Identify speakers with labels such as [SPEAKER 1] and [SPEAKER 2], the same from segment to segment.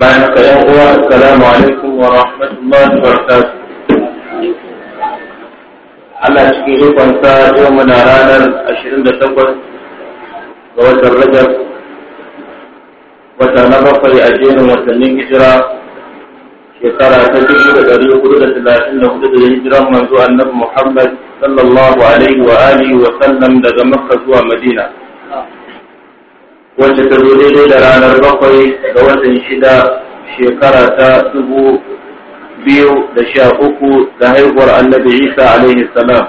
[SPEAKER 1] bayan ka yan uwa assalamu alaikum wa rahmatullahi wa barakatuh Allah cikin ikonsa yau muna ranar 28 ga watan Rajab wata na bakwai a jerin watannin hijira shekara ta dubu da ɗari hudu da talatin da hudu da hijiran manzo annabi Muhammad sallallahu alaihi wa sallam daga Makka zuwa Madina. wacce ta zo daidai da ranar bakwai ga watan shida shekara ta dubu biyu da sha uku da haihuwar annabi isa alaihi salam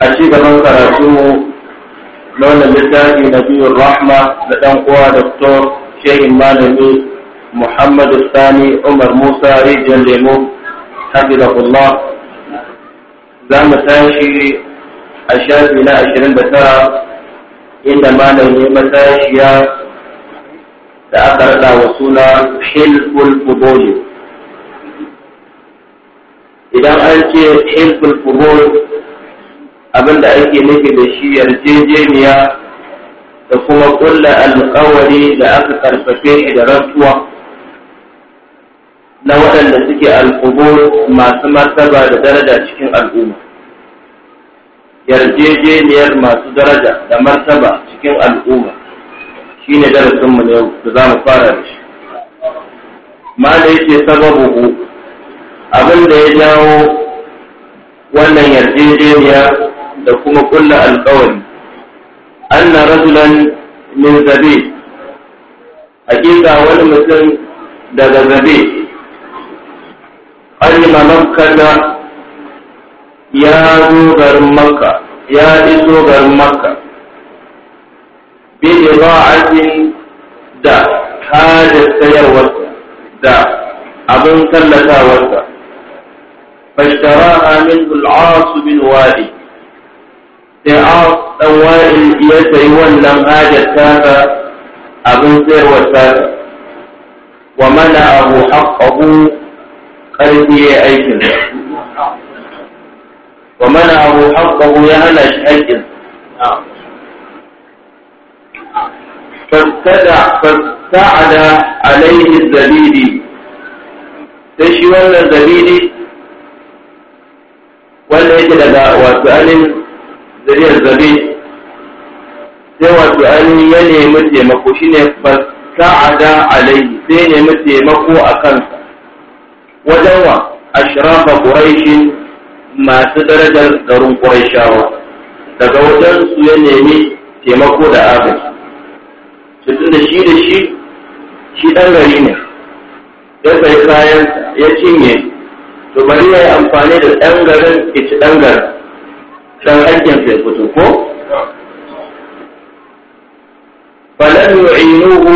[SPEAKER 1] a ci gaban karatu na wannan littafi na biyun rahma da dan uwa doktor shehin malami muhammadu sani umar musa rijiyar lemo hafizahullah za mu tashi a shafi na ashirin da tara inda malam ya matashiya da aka rada wa suna hilful fudoli idan an ce hilful fudoli abinda ake nufi da shi yarjejeniya da kuma kulla alkawari da aka karfafe da rantsuwa na waɗanda suke alkubur masu martaba da daraja cikin al'umma yarjejeniyar masu daraja da martaba cikin al'umma shi ne darasinmu na yau da za mu fara da shi da yake sababu ku abin da ya jawo wannan yarjejeniya da kuma kulla alkawari anna rajulan min zabe hakika wani mutum daga zabe an yi mamakata ya zo garin makka ya iso garin makka bi ira'atin da hajar sayarwarsa da abin tallatawarsa fashtaraha amin al-aas bin wadi sai aas dan wadi ya sayi wannan hajar tasa abin sayarwar tasa wa mana abu haqqahu karfi ya aikin wa mana'ahu haqqahu ya hana shi haƙƙin fastada fastada alaihi zabidi sai shi wannan zabidi wanda yake daga wato anin zariyar zabi sai wato anin ya nemi taimako shine fastada sai nemi a kansa wajen wa ashrafa quraishin masu darajar garin shawar daga wajen su ya nemi taimako da agaji su tunda shi da shi shi ɗan gari ne ya sai kayan ya cinye to bari ya yi amfani da ɗan garin ita ɗan garin can aikin sai fito ko falan yu'inuhu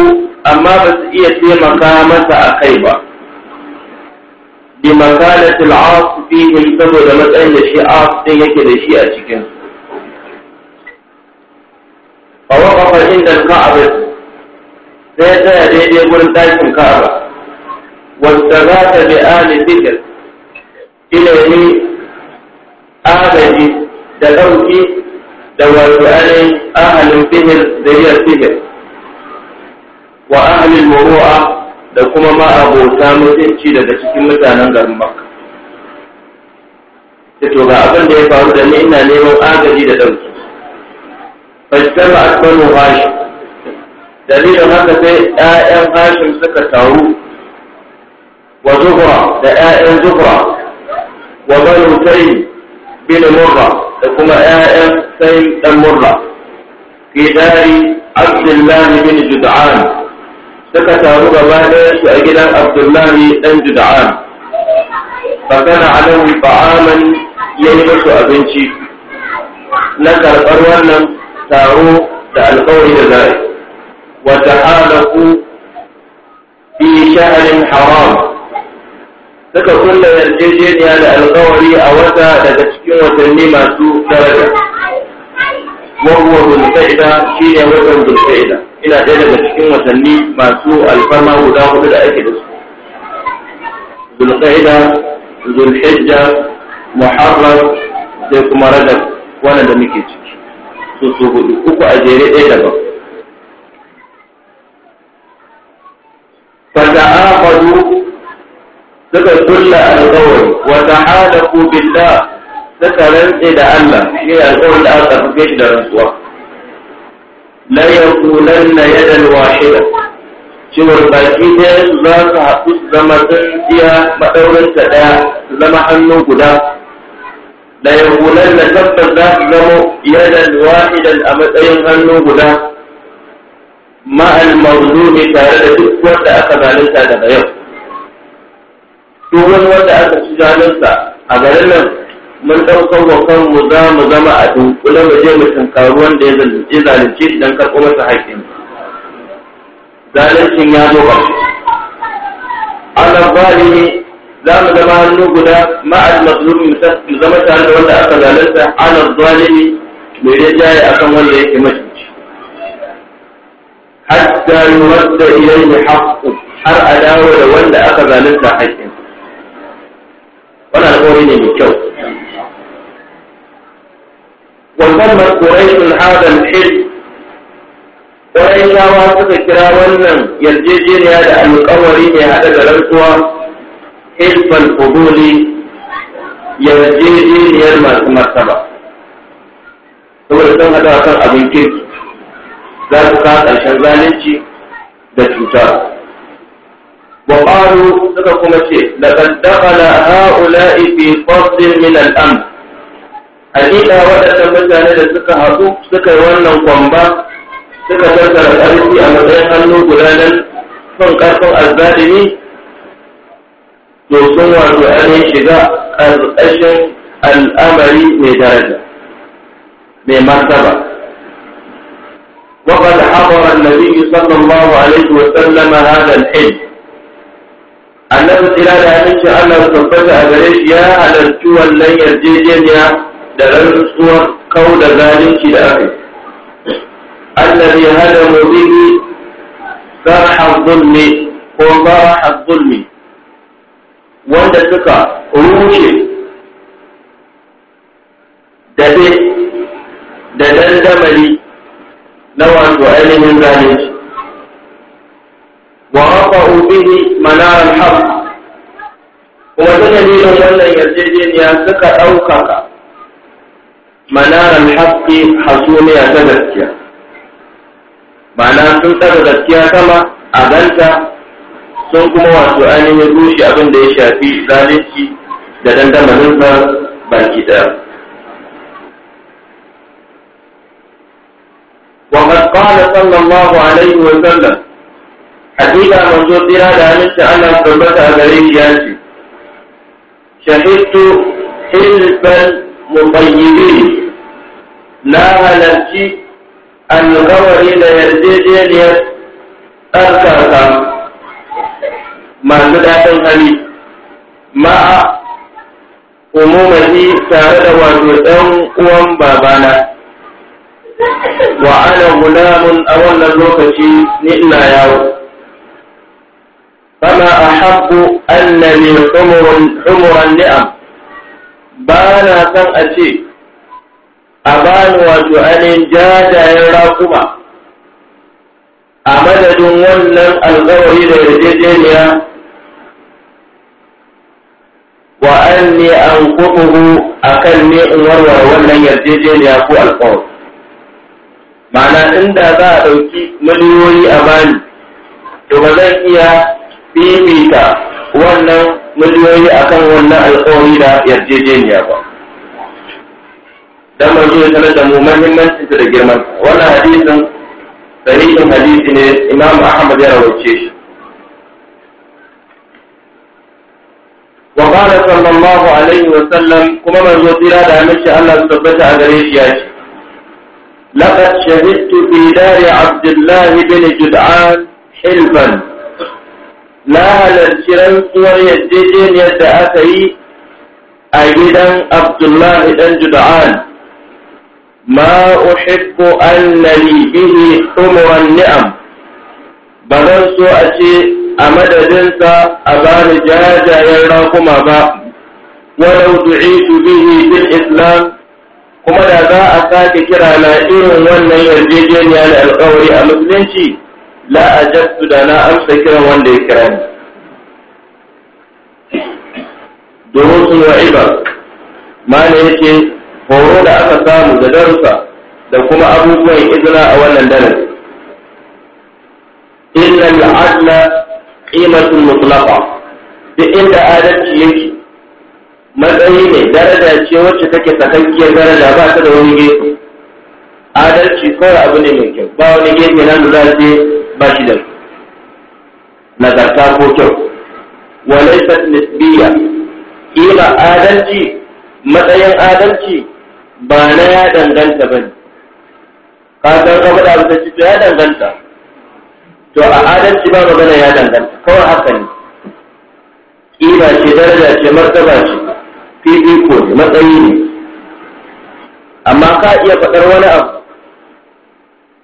[SPEAKER 1] amma ba su iya taimaka masa a kai ba بمقالة العاص فيه ويقبل لمد أن الشيء عاص فيه يكد الشيء أشكا فوقف عند الكعبة فيتا يريد يقول تايك الكعبة واستغاث بآل ذكر إلى هي آل ذكر دوات علي أهل الفهر ذريع الفهر وأهل المروءة da kuma ma abota mutunci daga cikin mutanen garin makka ta to ga abin da ya faru da ni ina neman agaji da ɗauki fajtama asbanu hashim dalilin haka sai 'ya'yan hashin suka taru wa zuhra da 'ya'yan zuhra wa banu sai bin murra da kuma 'ya'yan sai dan murra fi dari abdullahi bin jud'an suka taru gaba ɗaya su a gidan abdullahi ɗan juda'an
[SPEAKER 2] fakana alahu ba'aman ya yi musu abinci
[SPEAKER 1] na karɓar wannan taro da alƙawari da zai wata halaku bi sha'anin haram suka kulla yarjejeniya da alƙawari a wata daga cikin watanni masu daraja
[SPEAKER 2] murwa dulka'ida shi ne murwan dulka'ida ina ɗaya daga cikin wasanni masu alfarma guda hudu da ake da
[SPEAKER 1] su da dulhijja muharrar sai kuma rajab wannan da muke ciki su su hudu uku a jere ɗaya daga fata akwadu suka kulla alkawari wata halaku billah suka rantse da Allah shi alƙawar da aka fi shi da rantsuwa la yaqulanna yadan wahida cewar baki ɗaya su za su haɗu su zama tsintsiya maɗaurinta ɗaya su zama hannu guda la yaqulanna tabbas za su zama yadan wahidan a matsayin hannu guda ma'al mawzumi tare da duk wanda aka zalunta daga yau duk wani wanda aka ci zalunta a garin nan mun ɗaukar wa kanmu za mu zama a dunkule mu je mu tankaru wanda ya zalunce shi don karɓo masa haƙƙin zaluncin ya zo ba ala zalimi za mu zama hannu guda ma'al mazlumi mu zama tare da wanda aka zalunta ala zalimi mai a akan wanda yake mashi hatta yuwadda ilayhi haqqu har a dawo da wanda aka zalunta haƙƙin wannan alƙawari ne mai kyau وسمت قريش هذا الحلم قريشاwa suka kira wannan yarjejeniya da alƙawari mai haɗa da rantsuwa hilfal fuduli yarjejeniyar masu martaba saboda sun haɗa kan abin za su kawo ƙarshen zalunci da cuta wa suka kuma ce laqad dakhala ha'ula'i fi fadl min al hakika waɗannan mutane da suka haɗu suka yi wannan kwamba suka tattara ƙarfi a matsayin hannu guda nan son ƙarfin azzalimi to sun wato ainihin shiga ƙarƙashin al'amari mai daraja mai martaba وقد حضر النبي صلى الله عليه وسلم هذا الحلم annabi tsira da aminci Allah su tabbata a gare shi ya halarci da rantsuwar kau da zalunci da aka yi allazi hadamu bihi sarha zulmi ko zaraha zulmi wanda suka rushe daɗe da dandamali na wato ainihin zalunci wa rafa'u ne manar haka
[SPEAKER 2] kuma suka nuna
[SPEAKER 1] wannan yarjejeniya suka ɗaukaka manaran haske hasumiya ta gaskiya ma'ana sun tsara gaskiya sama a ganta sun kuma wato ainihin rushe abinda ya shafi zalunci da dandamalin sa baki daya wa qala sallallahu alaihi wa sallam hadida manzo tsira da aminci Allah ya tabbata a gare shi ya ce shahidtu hilban mubayyibin na halarci alkawari da yarjejeniyar tsarkaka masu daɗin hali ma'a umumati tare da wato ɗan uwan babana wa ana gulamun a wannan lokaci ni ina yawo fama a haɓu annani humuran ni'am ba na san a ce a bani wato anin jajayen raƙuma a madadin wannan alkawari da yarjejeniya wa an ne an kuɓuhu a kan ne in warware wannan yarjejeniya ko alƙawari ma'ana inda za a ɗauki miliyoyi a bani to ba zan iya bibita wannan miliyoyi akan wannan alkawari da yarjejeniya ba dan manzo ya sanar da mu muhimmancin da girman wannan hadisin sahihin hadisi ne Imam Ahmad ya rawace shi wa qala sallallahu alaihi wa sallam kuma manzo tira da aminci Allah su tabbata a gare shi ya ce laqad shahidtu fi dari Abdullah bin Jud'an hilban na halarci rantsuwar yadda yadda aka yi a gidan Abdullahi dan Jud'an ma uhibbu annali bihi umuran ni'am ba zan so a ce a madadinsa a bani jajayen rakuma ba walau du'itu bihi bil islam kuma da za a sake kirana irin wannan yarjejeniya na alkawari a musulunci la da na amsa kiran wanda ya kira ni durusun wa ibar mana yake horo da aka samu da darussa da kuma abubuwan izina a wannan darasi inna al'adla qimatun mutlaqa duk inda adalci yake matsayi ne daraja ce wacce take sakakkiyar daraja ba ta da wani gefe adalci kawai abu ne mai kyau ba wani gefe na lura ce ba shi da nagarta ko kyau laysat nisbiya kima adalci matsayin adalci ba na ya danganta ba ne ka san ka faɗa ba ta to ya danganta to a adalci ba magana ya danganta kawai haka ne
[SPEAKER 2] Ƙiba ce daraja ce martaba ce
[SPEAKER 1] fifiko ne matsayi ne amma ka iya faɗar wani abu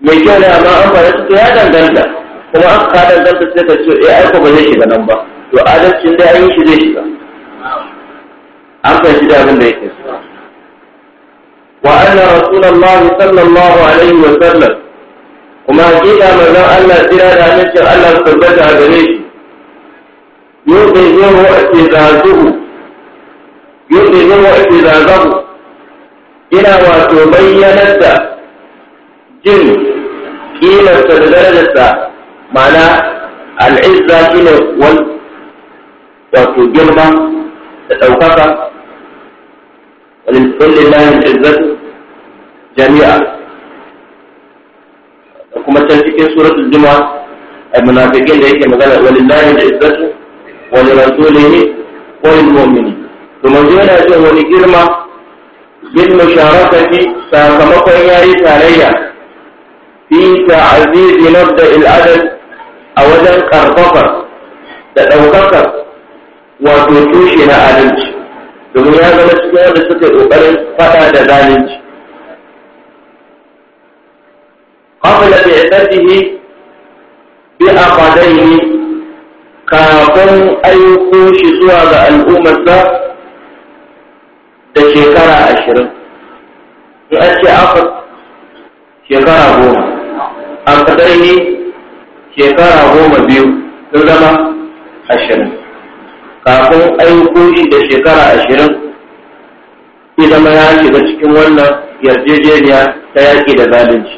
[SPEAKER 1] mai kyau ne amma an faɗa ta ya danganta kuma an ka danganta sai ka ce eh aiko ba zai shiga nan ba to adalcin da ya yi shi zai shiga an fahimci da abin da yake ke. وأن رسول الله صلى الله عليه وسلم kuma kina manzon Allah jira da halittar Allah su tabbata a gare shi yadda yin wa'ace zazuhu yadda yin wa'ace ina wato bayyanar da jin kilarsa da darajarsa ma'ana al'izza shine wato girma da ɗaukaka ولله العزة جميعا kuma can cikin suratul juma'a المنافقين da yake magana walillahi da izzatu wa li rasulihi wa lil mu'minin to manzo yana jin wani girma bil musharakati sakamakon yayi tarayya fi ta'zizi nabda al adad a wajen karfafa da daukaka wato tushe na adalci domin ya zama cikin wanda suka yi ƙoƙarin faɗa da zalunci qabla bi'datihi bi ne, kafin aiko shi zuwa ga al'ummarsa da shekara ashirin in a ce aqad shekara goma ne shekara goma biyu sun zama ashirin kafin aiko shi da shekara ashirin ita ma ya shiga cikin wannan yarjejeniya ta yaƙi da zalunci.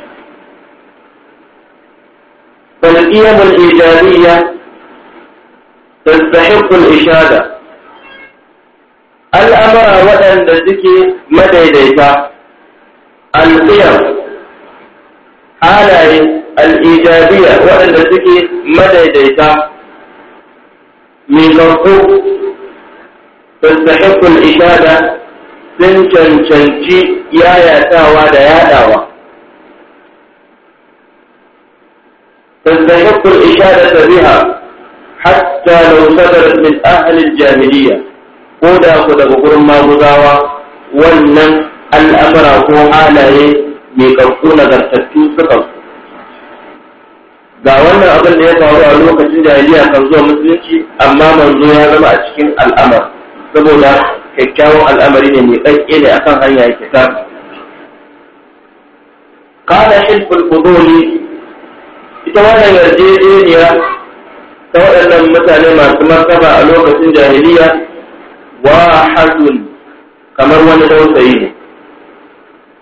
[SPEAKER 1] Falƙiyamun ijariya da sahibkul ishada Al'amura waɗanda suke madaidaita alƙiyar halaye al'ijabiya waɗanda suke madaidaita mai zarko ishada sun cancanci yayatawa da yadawa tattahikul ishada ta biha hatta da min ahalin jamiliya ko da ku daga gurin maguzawa wannan al'amura ko halaye mai kakku nagartattu suka su ga wannan abin da ya faru a lokacin jahiliya kan zuwa musulunci amma manzo ya zama a cikin al'amar saboda kyakkyawan al'amari ne mai tsakke ne akan hanya ya ta kana shi fuduli ita wannan yarjejeniya ta waɗannan mutane masu martaba a lokacin jahiliya hadun kamar wani dausayi ne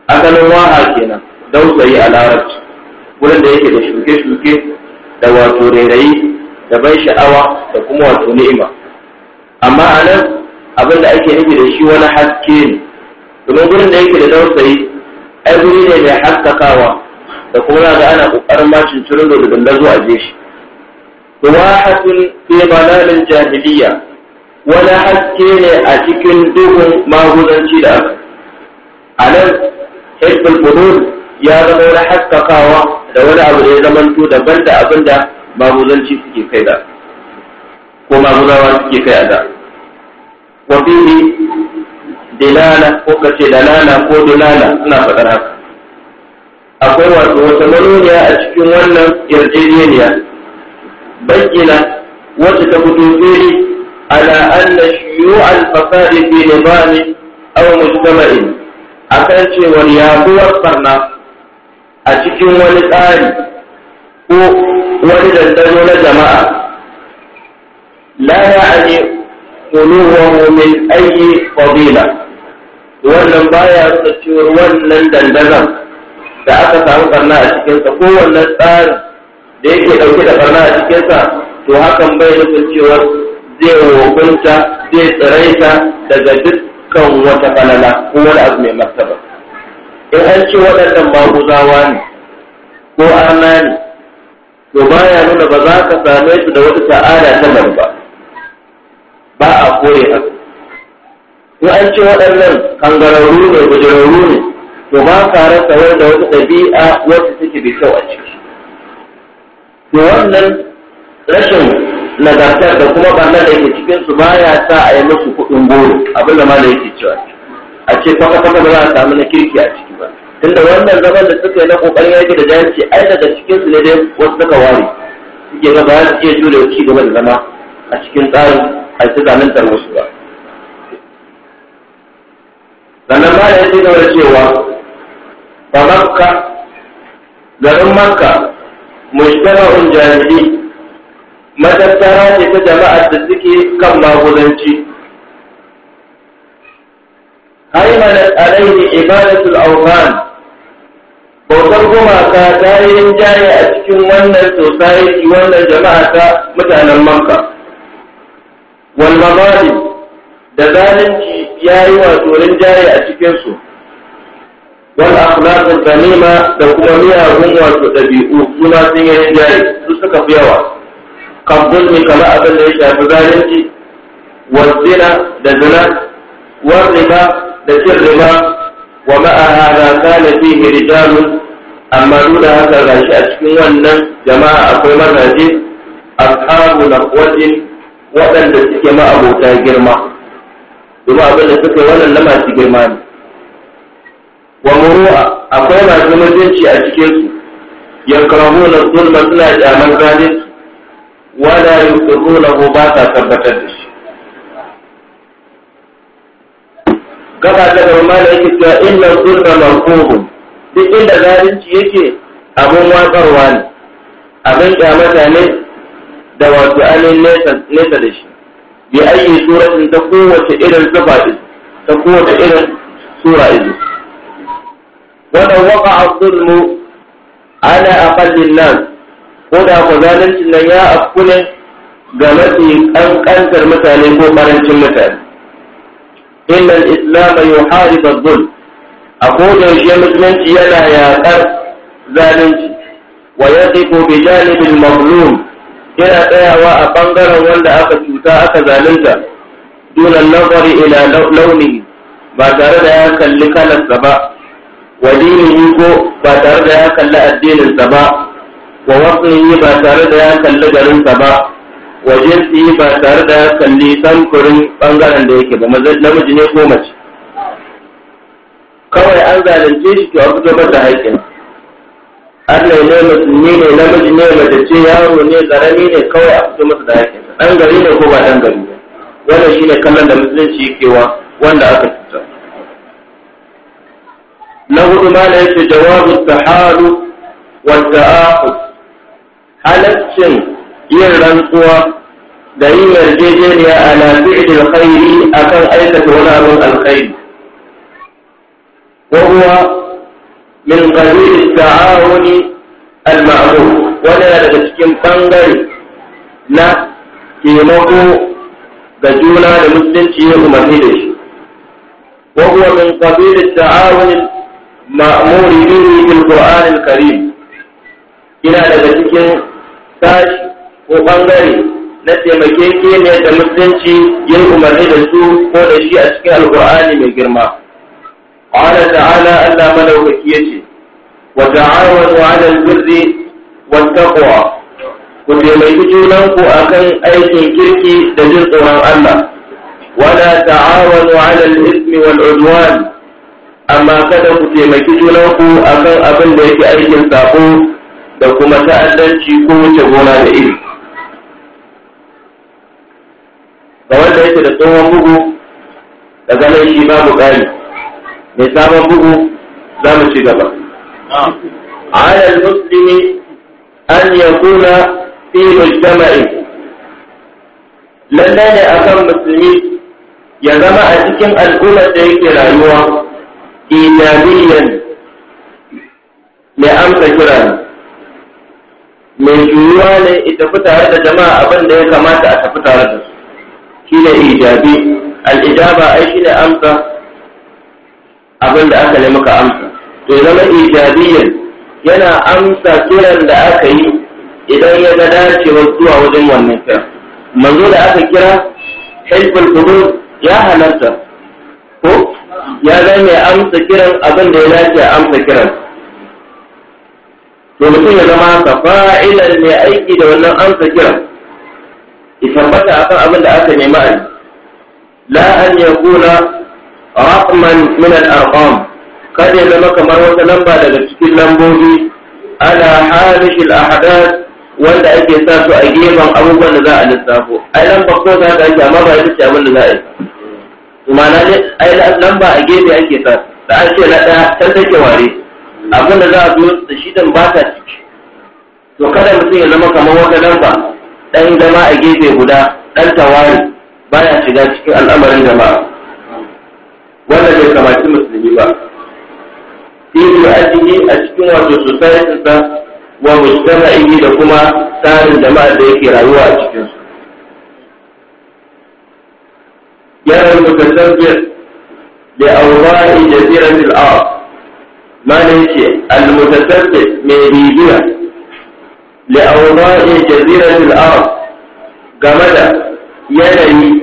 [SPEAKER 1] asalin waha kenan dausayi a larabci wurin da yake da shuke-shuke da wato rairayi da ban sha'awa da kuma wato ni'ima amma a nan abin da ake nufi da shi wani haske ne domin gurin da yake da dausayi ai guri ne mai haskakawa da kuma na ga ana kokarin ma cincirin da da zuwa je shi hasun fi malalin jahiliya wani haske ne a cikin duhun maguzanci da aka a nan hizbul ya zama wani haskakawa da wani abu da ya zamanto daban da abin da maguzanci suke kai da
[SPEAKER 2] ko maguzawa suke kai a da
[SPEAKER 1] wa fihi dilala ko kace dalala ko dilala suna faɗar haka akwai wato wata maloniya a cikin wannan yarjejeniya bayyana wata ta fito fili ala anna shuyu'al fasadi fi nizami aw mujtama'in akan cewa yaduwar sarna a cikin wani tsari ko wani dandano na jama'a la ya'ani quluhu min ayi fadila wannan baya nuna cewa wannan dandanon da aka samu barna a cikinsa ko wannan tsari da yake ɗauke da barna a cikinsa to hakan bai nufin cewa zai hukunta zai tsiraita daga dukkan wata falala ko wani abu mai martaba in an ce waɗannan maguzawa ne ko arna ne to ya nuna ba za ka same su da wata sa'ada ta nan ba ba a kore haka in an ce waɗannan kangararru ne bujararru ne to ba ka rasa wani da wata ɗabi'a wata take da kyau a ciki to wannan rashin nagartar da kuma ɓarnar da yake cikinsu ya sa a yi musu kuɗin goro abin da ma da yake cewa a ce kwata-kwata ba za a samu na kirki a ciki ba tunda wannan zaman da suka yi na kokarin yaki da jahilci a daga cikin su ne dai wasu suka ware suke ga ba su iya jure ci gaba da zama a cikin tsarin a ci zamantar wasu ba sannan ba ya ce gaba wani cewa ba makka garin makka mushtara'un jahili matattara ce ta jama'ar da suke kan magudanci haimanat alaihi ibadatul awhan bautar gumaka ta yi rinjaye a cikin wannan society wannan jama'a ta mutanen manka wal mazalim da zalunci ya yi wato rinjaye a cikinsu wal akhlaqul ganima da kuma miyagun wato dabi'u suna sun yi rinjaye su suka fi yawa kan zulmi kama abin da ya shafi zalunci wa zina da zina wa riba Da لكن wa ma'a hada kana fihi رجال amma duk da haka gashi a cikin wannan jama'a akwai mazaje ashabu naqwatin waɗanda suke ma'abota girma domin abin da suka yi wannan na masu girma ne wa muruwa akwai masu mutunci a cikin su na zulma suna kyaman zalunci wala yusirrunahu ba sa tabbatar da shi gaba ta gaba ma da yake cewa inda zulma kogo, duk inda zalunci yake abin watsarwa ne abin kyamata ne da wasu ainihin nesa da shi bi ayi suratin ta kowace irin sifa ta kowace irin sura izu wanda waka a zulmu ana a aqallin nan ko da ku zaluncin nan ya afku ne ga mafi kankantar mutane ko ƙarancin mutane إن الإسلام يحارب الظلم أقول جيمز منت يلا يا أرض ذلك ويقف بجانب المظلوم إلى أيا وأقنقر ولا أخذ ذلك دون النظر إلى لونه بعد ذلك لك السباء ودينه يكو بعد ذلك يأكل السباء ووصله بعد ذلك يأكل السباء Wajen ɗi ba tare da kalli samfurin bangaren da yake ba namiji ne ko mace kawai an zalunce shi to a fito da haƙƙin Allah ne musulmi ne namiji ne mace ce yaro ne zarami ne kawai a fito masa da haƙƙin dan gari ne ko ba dan gari ba wannan shine kallon da musulunci yake wa wanda aka cuta na hudu ma da yake jawabu taharu wa ta'ahud halaccin yin rantsuwa da yin yarjejeniya a lafi'il alkhairi akan aikata wani abin alkhairi وهو al قبيل wani yana daga cikin bangare na taimako ga juna da musulunci ya umarni da shi wa huwa min qabil at-ta'awun ma'mur bihi fil Qur'an al-Karim ina daga cikin sashi ko bangare na taimake ne da musulunci yin umarni da su ko da shi a cikin alkur'ani mai girma qala ta'ala Allah madaukaki yace wa ta'awanu 'alal birri wat taqwa ku taimaki junanku akan aikin kirki da jin tsoron Allah wala ta'awanu 'alal ismi wal 'udwan amma kada ku taimaki junan ku akan abin da yake aikin sako da kuma ta'addanci ko wuce gona da iri ga wanda yake da tsohon bugu daga nan shi babu ƙari mai sabon bugu za mu ci gaba musulmi, an yi kuna fi mujtama'i lallai ne akan musulmi ya zama a cikin al'ummar da yake rayuwa ijabiyan mai amsa kira ne mai juyuwa ne ita fi tare da jama'a abin da ya kamata a tafi tare da su shine ijabi al-ijaba ai da amsa abin da aka nemi ka amsa to zama ijabiyan yana amsa kiran da aka yi idan ya ga dacewar zuwa wajen wannan kira manzo da aka kira hilful qulub ya halarta ko ya zai mai amsa kiran abin da ya dace amsa kiran to mutum ya zama ka fa'ilan mai aiki da wannan amsa kiran tabbata akan abin da aka nema a la an yakuna rahman min al-arqam kada ya zama kamar wata lamba daga cikin lambobi ala al ahdath wanda ake sa su a gefen abubuwan da za a lissafo ai lamba ko za ta ake amma ba ita ce abin da za a yi kuma na ne ai lamba a gefe ake sa da an ce na ɗaya can take ware abin da za a zo da shi dan ba ta ciki to kada mutum ya zama kamar wata lamba ɗan zama a gefe guda ɗan tawari baya shiga cikin al'amarin jama'a wanda bai kamaci musulmi ba ibu a ciki a cikin wato society sa wa mujtama'i da kuma tsarin jama'a da yake rayuwa a cikin su yana da li awra'i jaziratil ard ma ne ce al-mutasaddiq mai bibiya لأوضاع جزيرة الأرض جمد يدي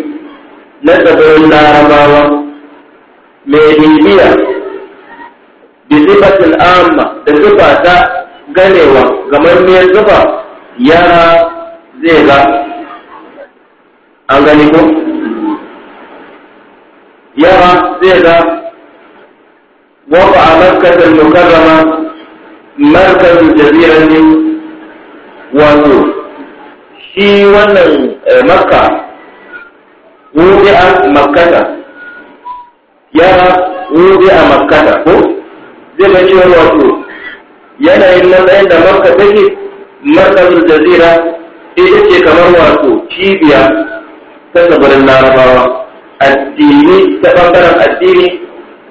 [SPEAKER 1] نسب النارماوة ميديبيا بصفة الآمة بصفة ganewa gamar miyar zuba yara zai ga an gani ko yara zai ga wafa a markazin mukarrama markazin jazirar ne wani shi wannan eh, makka wuri a makkata ya wuri a makkata ko zai ga cewa wato yanayin matsayin da makka take da jazira ita ce kamar wato cibiya ta sabarin larabawa addini ta ɓangaren addini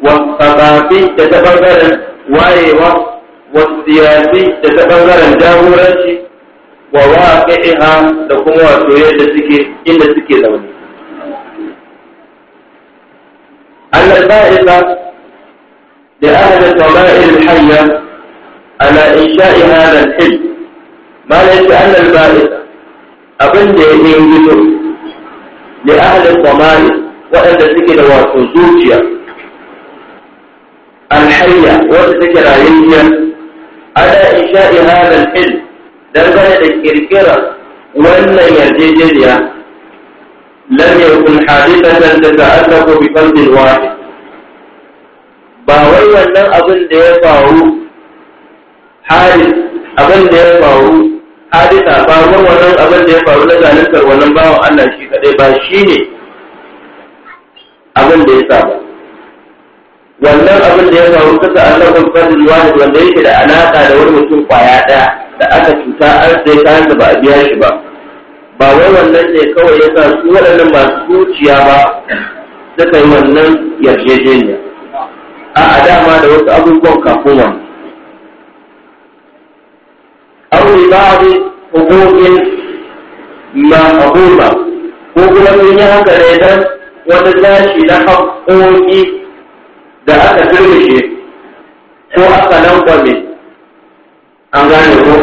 [SPEAKER 1] wa tsakafi da ta ɓangaren wayewa wa siyasi da ta ɓangaren jagoranci wa waqi'iha da kuma wato yadda suke inda suke zaune annal ba'iza da ahli al al-hayya ala insha'i hadha al-hil ma laysa al ba'iza abin da yake gido da ahli al-qaba'il waɗanda suke da wato zuciya al-hayya wanda suke rayuwa ala insha'i hadha al-hil dangane da kirkirar wannan yarjejeniya lam yakun hadithatan tata'allaqu bi qalbin wahid ba wai wannan abin da ya faru hadith abin da ya faru hadisa ba wannan abin da ya faru na zaluntar wannan bawan Allah shi kadai ba shine abin da ya sa wannan abin da ya faru kasa Allah bi qalbin wahid wanda yake da alaka da wani mutum kwaya daya da aka cuta an sai ta hanta ba a biya shi ba ba wai wannan ne kawai yasa su waɗannan masu zuciya ba suka yi wannan yarjejeniya a a dama da wasu abubuwan kafin wani ba a bi hukumin ma hukuma ko kuma sun yi haka ne dan wani tashi na haƙoƙi da aka turmishe ko aka nan kwamis an gane ko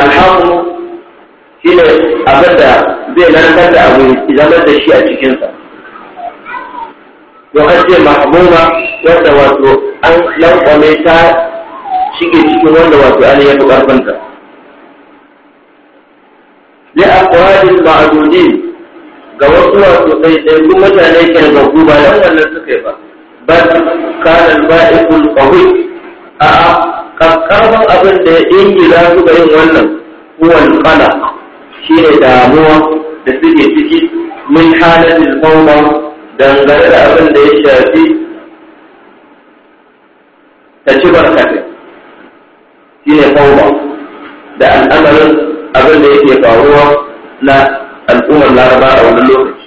[SPEAKER 1] alhamu shi ne abin da zai lantar da abu zama da shi a cikinsa to an ce mahmuma wanda wato an lankwame ta shige cikin wanda wato an yi ne a aqwalil ma'dudin ga wasu sai ɗaiɗaikun mutane ke da gugu ba da wannan suka yi ba ba su kana al-ba'iqul qawi a kakkarfan abin da ya ingila su ga yin wannan kuwan kala shi ne damuwa da suke ciki min halatin mawma dangane da abin da ya shafi ta ci barkatai shi ne mawma da al'amarin abin da yake faruwa na al'ummar laraba a wani lokaci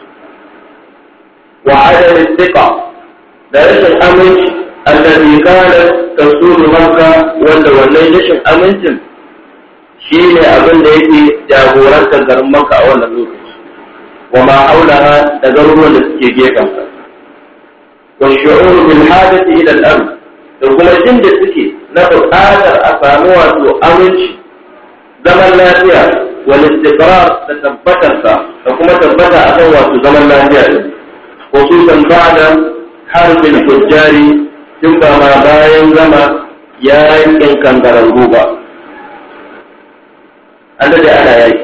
[SPEAKER 1] wa adamin tsika da rashin aminci allazi kana tasulu wanda wannan rashin amincin shi ne abin da yake jagorantar garin maka a wannan lokaci wa ma haulaha da garuruwan da suke gefen ka wa shu'ur bil hadathi ila al-amn da kuma jin da suke na buƙatar a samu wato aminci zaman lafiya wal istiqrar da tabbatar sa da kuma tabbata akan wato zaman lafiya din khususan ba'da harbin kujjari tun ba ma bayan zama yankin kangarangu ba an da ana yaki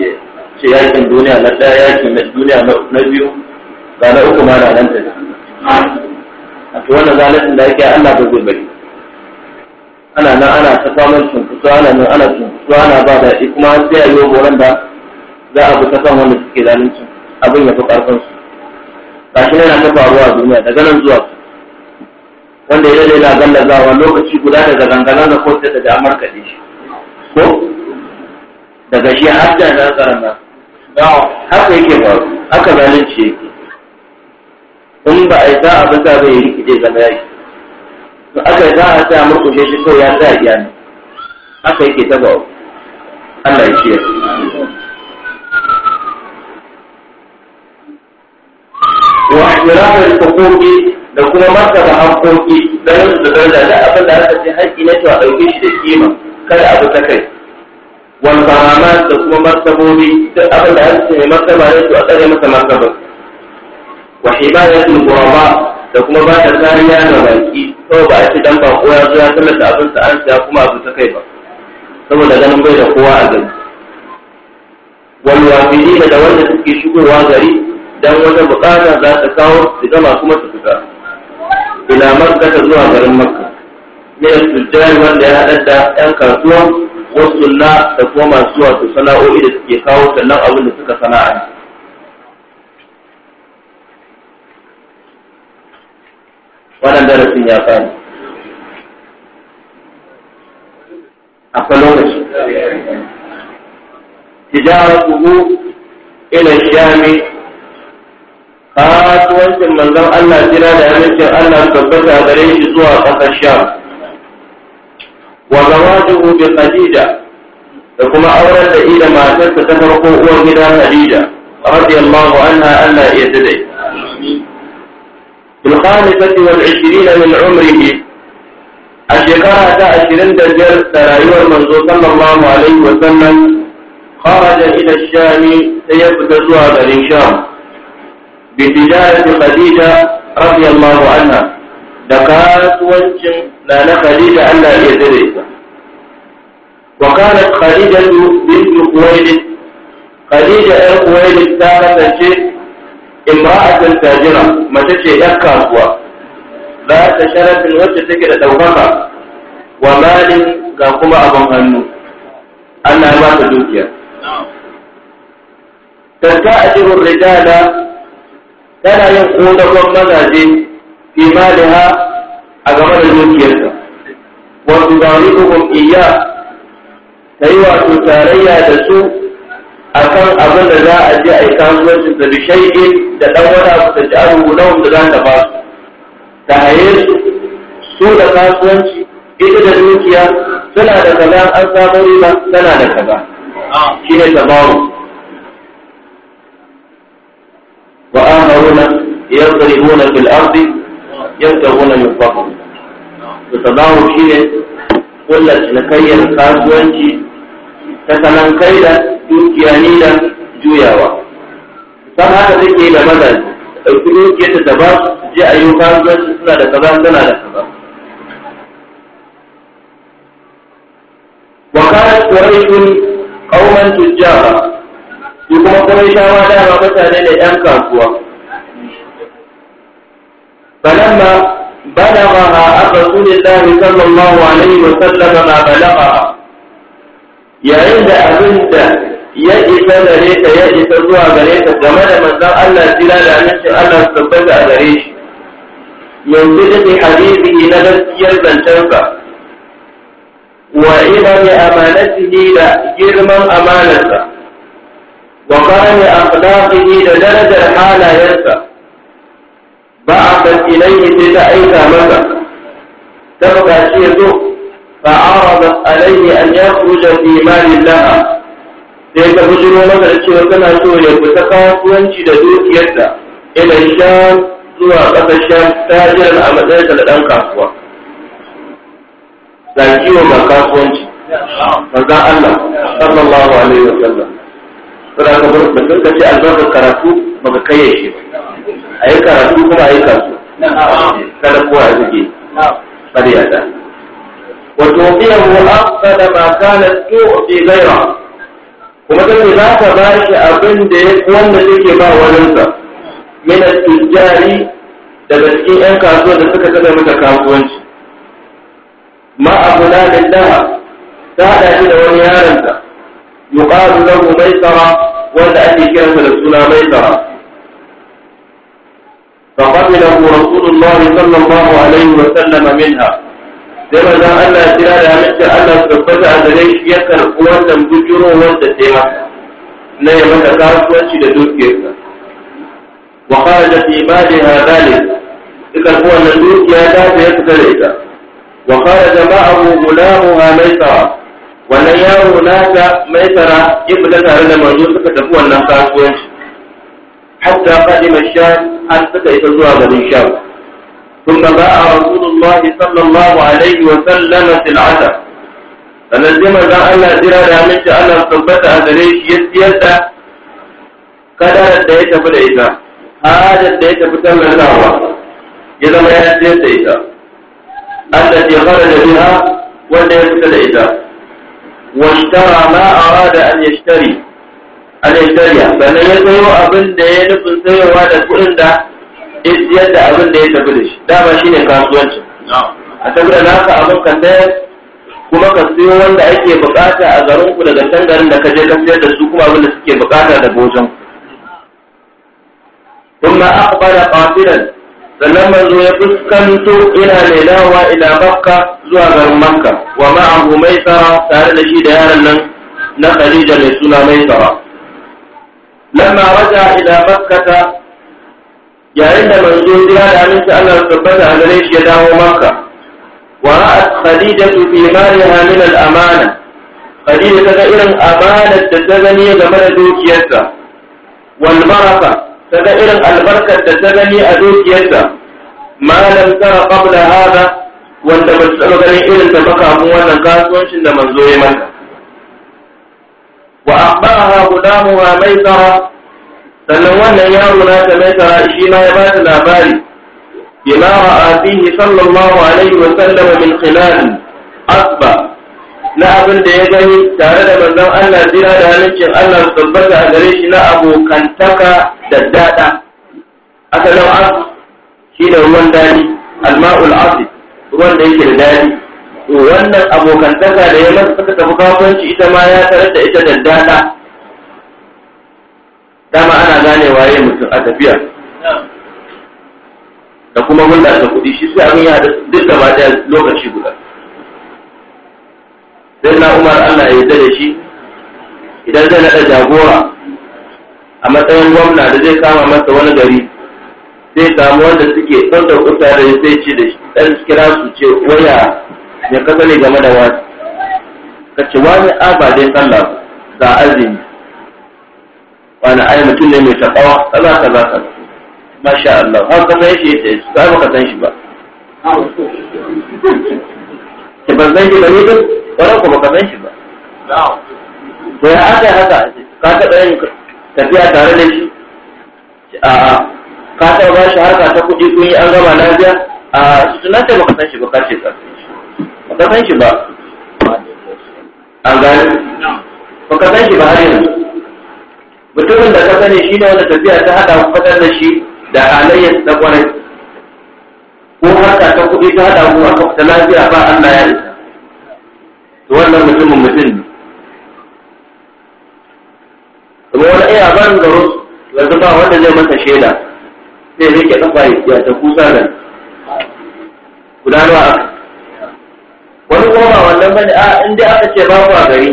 [SPEAKER 1] eh, ce yakin duniya na ɗaya yakin na duniya na biyu ba na uku ma na nan ta a to wannan zalatin da yake Allah ba zai bari ana nan ana ta samun cunkusu ana nan ana cunkusu ana ba da kuma sai a yi horon da za a bi ta kan wanda suke zalunci abin ya fi ƙarfinsu gashi yana ta faruwa a duniya daga nan zuwa wanda ya daina gallazawa lokaci guda daga gangana da kotu daga amurka ne shi ko daga shi har da na karanta haka yake faru haka zalunci yake in ba a yi sa'a ba sa yi rikide zama yaki to aka yi za a sa murkushe shi kawai ya sa iya ne haka yake ta ba Allah ya ce ihtiramul huquqi da kuma martaba haƙoƙi ganin su da daraja da abin da aka ce haƙƙi ne to a ɗauke shi da kima kada abu ta kai wal faramat da kuma martabobi duk abin da aka ce mai martaba ne to a tsare masa martaba wa himayatul ghuraba da kuma ba da kariya ga baki to ba a ce dan ba ko ya zo ya sallata abin sa an ya kuma abu ta kai ba saboda ganin bai da kowa a gari wal wafidi da wanda suke shigowa gari dan wata bukata za ta kawo su gama kuma su fita ila makka ta zuwa garin makka su tujjar wanda ya haɗar da yan kasuwa wasu na da kuma masu wasu sana'o'i da suke kawo sannan abin da suka sana'a wannan darasin ya fani akwai lokaci tijaratuhu ila shami kasuwancin manzon Allah jira da halittar Allah tabbata gare shi zuwa ƙasar Sham. Wa zawajuhu bi Khadija da kuma auren da ida matarsa ta farko uwar gida Khadija radiyallahu anha Allah ya dade. Bil khamisati wal 20 min umrihi a shekara ta ashirin da biyar da rayuwar manzo sallallahu alaihi wa sallam kharaja ila shami sai ya fita zuwa garin sham بتجارة خديجة رضي الله عنها da kasuwancin na na Khadija Allah ya zire ta. Wa kanat Khadijatu bintu Khuwailid Khadija ɗan Khuwailid ta kasance imra'atan tajira mace ce 'yar kasuwa. Za ta sharafin wacce take da ɗaukaka wa malin ga kuma abin hannu. Allah ya ba ta dukiya. Tatta'ajirun rijala tana yin ƙodagon mazaje fi ha a game da dukiyarsa wasu zaune hukum iya ta yi wato tarayya da su a kan abin da za a je a yi kasuwancin da bishayi da ɗan wani abu da ji abu gudawun da za ta ba su ta haye su su da kasuwanci ita da dukiya suna da kaza an samu riba tana da kaza shi ne tabaru وآخرون يضربون في الأرض يبتغون من فضل تتضاوم شيء كل cinikayyar kasuwanci ta sanan kai da dukiya ni da juyawa san haka take da mazaji ɗauki dukiyar ta ba su je a yi kasuwanci suna da kaza suna da kaza wa kana quraishun tujjara shi kuma ƙurayshawa dama mutane ne ‘yan kasuwa.
[SPEAKER 2] Falamma balaghaha an Rasulillahi sallallahu alaihi
[SPEAKER 1] wa sallam ma balaghaha yayin da abin da ya isa gare ta ya isa zuwa gare ta game da manzon Allah jira da annabi Allah tabbata a gare shi yanzu da ne hadisi na gaskiyar zancensa wa ila ne amanatihi da girman amanarsa wa bani akhlaqihi da darajar halayensa ba'athat ilayhi sai ta aika masa ta buƙaci ya zo fa'aradat alayhi an yakhruja fi malillaha sai ta bujiro masa da cewa tana so ya fita kasuwanci da dukiyarta ila sham zuwa ƙasar sham tajiran a matsayinsa da ɗan kasuwa ga kiwo ga kasuwanci manzon Allah sallallahu alaihi wasallam suna ka bar da sun kace albarkar karatu ba ka kai shi a yi karatu kuma a yi kasu kada kowa ya zuge kada ya da wato biyan wa'afa da ma kana tu'ti gaira kuma sai za ka ba shi abin da ya wanda yake ba waninsa min al-tijari daga cikin 'yan kasuwa da suka kada mata kasuwanci ma abu na lillaha ta haɗa shi da wani yaronta يقال له ميسرة ولعلي كان نفسنا ميسرة فقبله رسول الله صلى الله عليه وسلم منها كما ذا أن أسلالها مشى أن أسلفتها لديك يكن قوانا مجره وانتتها إنه من أكارك وانشي لدوك يكن وخرج في مالها ذلك إذا هو لدوك يا يكن يكن وخرج معه غلامها ميسرة wannan yaro ta mai tara ya fita tare da manzo suka tafi wannan kasuwanci hatta qadima sham an suka yi zuwa garin sham ثم باع رسول الله صلى الله عليه وسلم سلعته فنزم ذا الله جرى دامن شأن الصبة أدريش يسيسة قدر الديت بالعيسى هذا الديت بتم النهوة إذا ما يسيسة التي خرج بها والديت بالعيسى واشترى ما أراد أن يشتري أن nufin sayowa da kuɗin دي نفن da هذا كل ده إزياد أبن دي تبلش ده ما شيني كاسوانش أتبقى ناسا أبن كتاب kuma ka sayo wanda ake bukata a garin ku daga can da ka je ka sayar da su kuma abin da suke bukata daga wajen ku kuma aqbala qatilan sannan manzo ya fuskanto ina lailawa ila makka zuwa garin makka wa ma'ahu maisara tare da shi da yaron nan na khadija mai suna maisara lamma raja ila makkata
[SPEAKER 2] yayin da manzo ya da aminci Allah tabbata a gare shi ya dawo makka wa ra'at khadija fi maliha min al-amana
[SPEAKER 1] khadija ta ga irin amanar da ta gani game da dukiyarta wal maraka ta ga irin albarkar da ta gani a dukiyarsa malam tara qabla hada wanda ba ta taɓa ganin irin ta kafin wannan kasuwancin da manzo ya mata wa akhbaraha gudamuha maisara sannan wannan yaro na ta maisara shi ma ya bata labari bima ra'a fihi sallallahu alaihi wa sallam min khilal asba na abin da ya gani tare da manzon Allah jira da halincin Allah su tabbata a gare shi na abokantaka daddada asalin asu shi da ruwan dadi alma'ul asu ruwan da yake da dadi to wannan abokantaka da ya masa suka tafi kafanci ita ma ya tarar da ita daddada dama ana gane waye mutum a tafiya da kuma hulɗa ta kuɗi shi sai abin ya da duk gaba ɗaya lokaci guda sai na umar allah ya yarda da shi idan zai naɗa jagora a matsayin gwamna da zai kama masa wani gari zai samu wanda suke ɗan kusa kuta da sai ce da shi ɗan kira su ce waya ya kasa ne game da wani ka ce wani aba dai sallah ga azumi wani ai mutum ne mai taɓawa kaza kaza kaza masha Allah har ka san shi ya yi. ba ka san shi ba ki ban san shi ba ne duk ba ka san shi ba to ya aka haka ka taɓa yin tafiya tare da shi a ka taɓa ba shi harka ta kuɗi kun yi an gama lafiya a sutunan ta baka san shi ba kace ka baka san shi ba an Ba baka san shi ba har yanzu mutumin da ka sani shi ne wanda tafiya ta haɗa ku fitar da shi da halayyar da kwarai ko harka ta kuɗi ta haɗa ku a ta lafiya ba Allah ya isa to wannan mutumin mutum ne kuma wani ba eh, ban garo yanzu ba wanda zai masa shaida sai ke kafa ya ta kusa da gudanarwa aka wani kuma ba wannan bane a inda aka ce babu a gari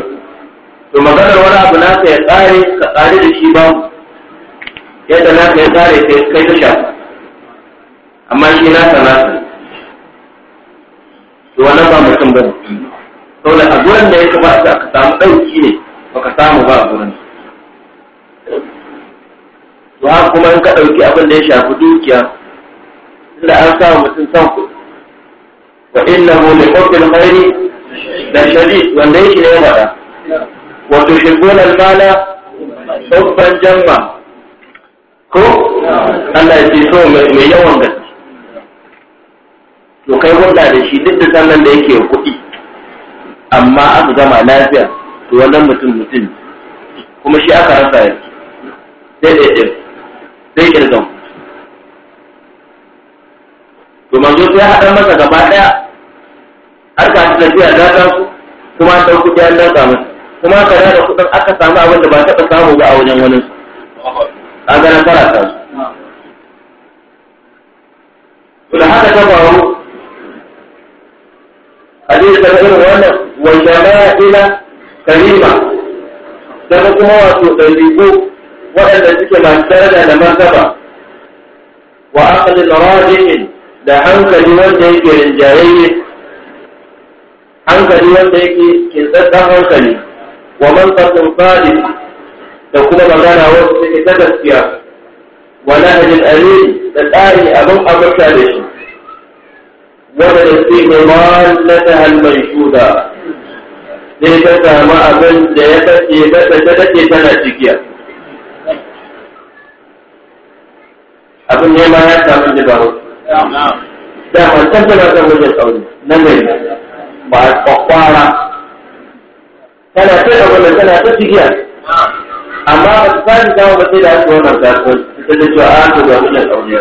[SPEAKER 1] to maganar wani abu ka ya tsare ka tsare da shi babu yadda naka ya tsare sai kai ta shafa amma shi na naka to wannan ba mutum ne saboda a gurin da ya kamata ka samu ɗauki ne baka samu ba a gurin to haka kuma in ka ɗauki abin da ya shafi dukiya inda an sa mutum son kuɗi wa innahu li hubbil khairi la shadid wanda yake ne wada wa tuhibbuna al-mala hubban jamma ko Allah ya ce so mai yawan gaske to kai hulɗa da shi duk da sannan da yake kuɗi amma aka gama lafiya to wannan mutum mutum kuma shi aka rasa yanzu sai da sai mu to manzo sai haɗa masa gaba ɗaya har ka ji tafiya da ta su kuma ta kuɗi an danka masa kuma ka da kuɗin aka samu abin da ba ta samu ba a wajen wani a ga fara ta su da haka ta faru hadisi ta irin wannan wajen jama'ila karima da kuma wato ɗalibu. waɗanda suke masu daraja da martaba wa aqlin rajihin da hankali wanda yake rinjayayye hankali wanda yake kintsatsan hankali wa mantakin salih da kuma magana wasu suke ta gaskiya wa nahajin amin da tsari abin amurka da shi wanda da su yi mallata halmai shuda sai ta samu abin da ya tace ta tana cikiya abin nema ya samu da ba da wancan da zan wajen sauri nan ne ba a kwakwara tana ce da wannan tana ta cikiya
[SPEAKER 2] amma ba su fadi
[SPEAKER 1] dawo ba sai da aka wannan kasuwan ita da cewa an ga wajen sauri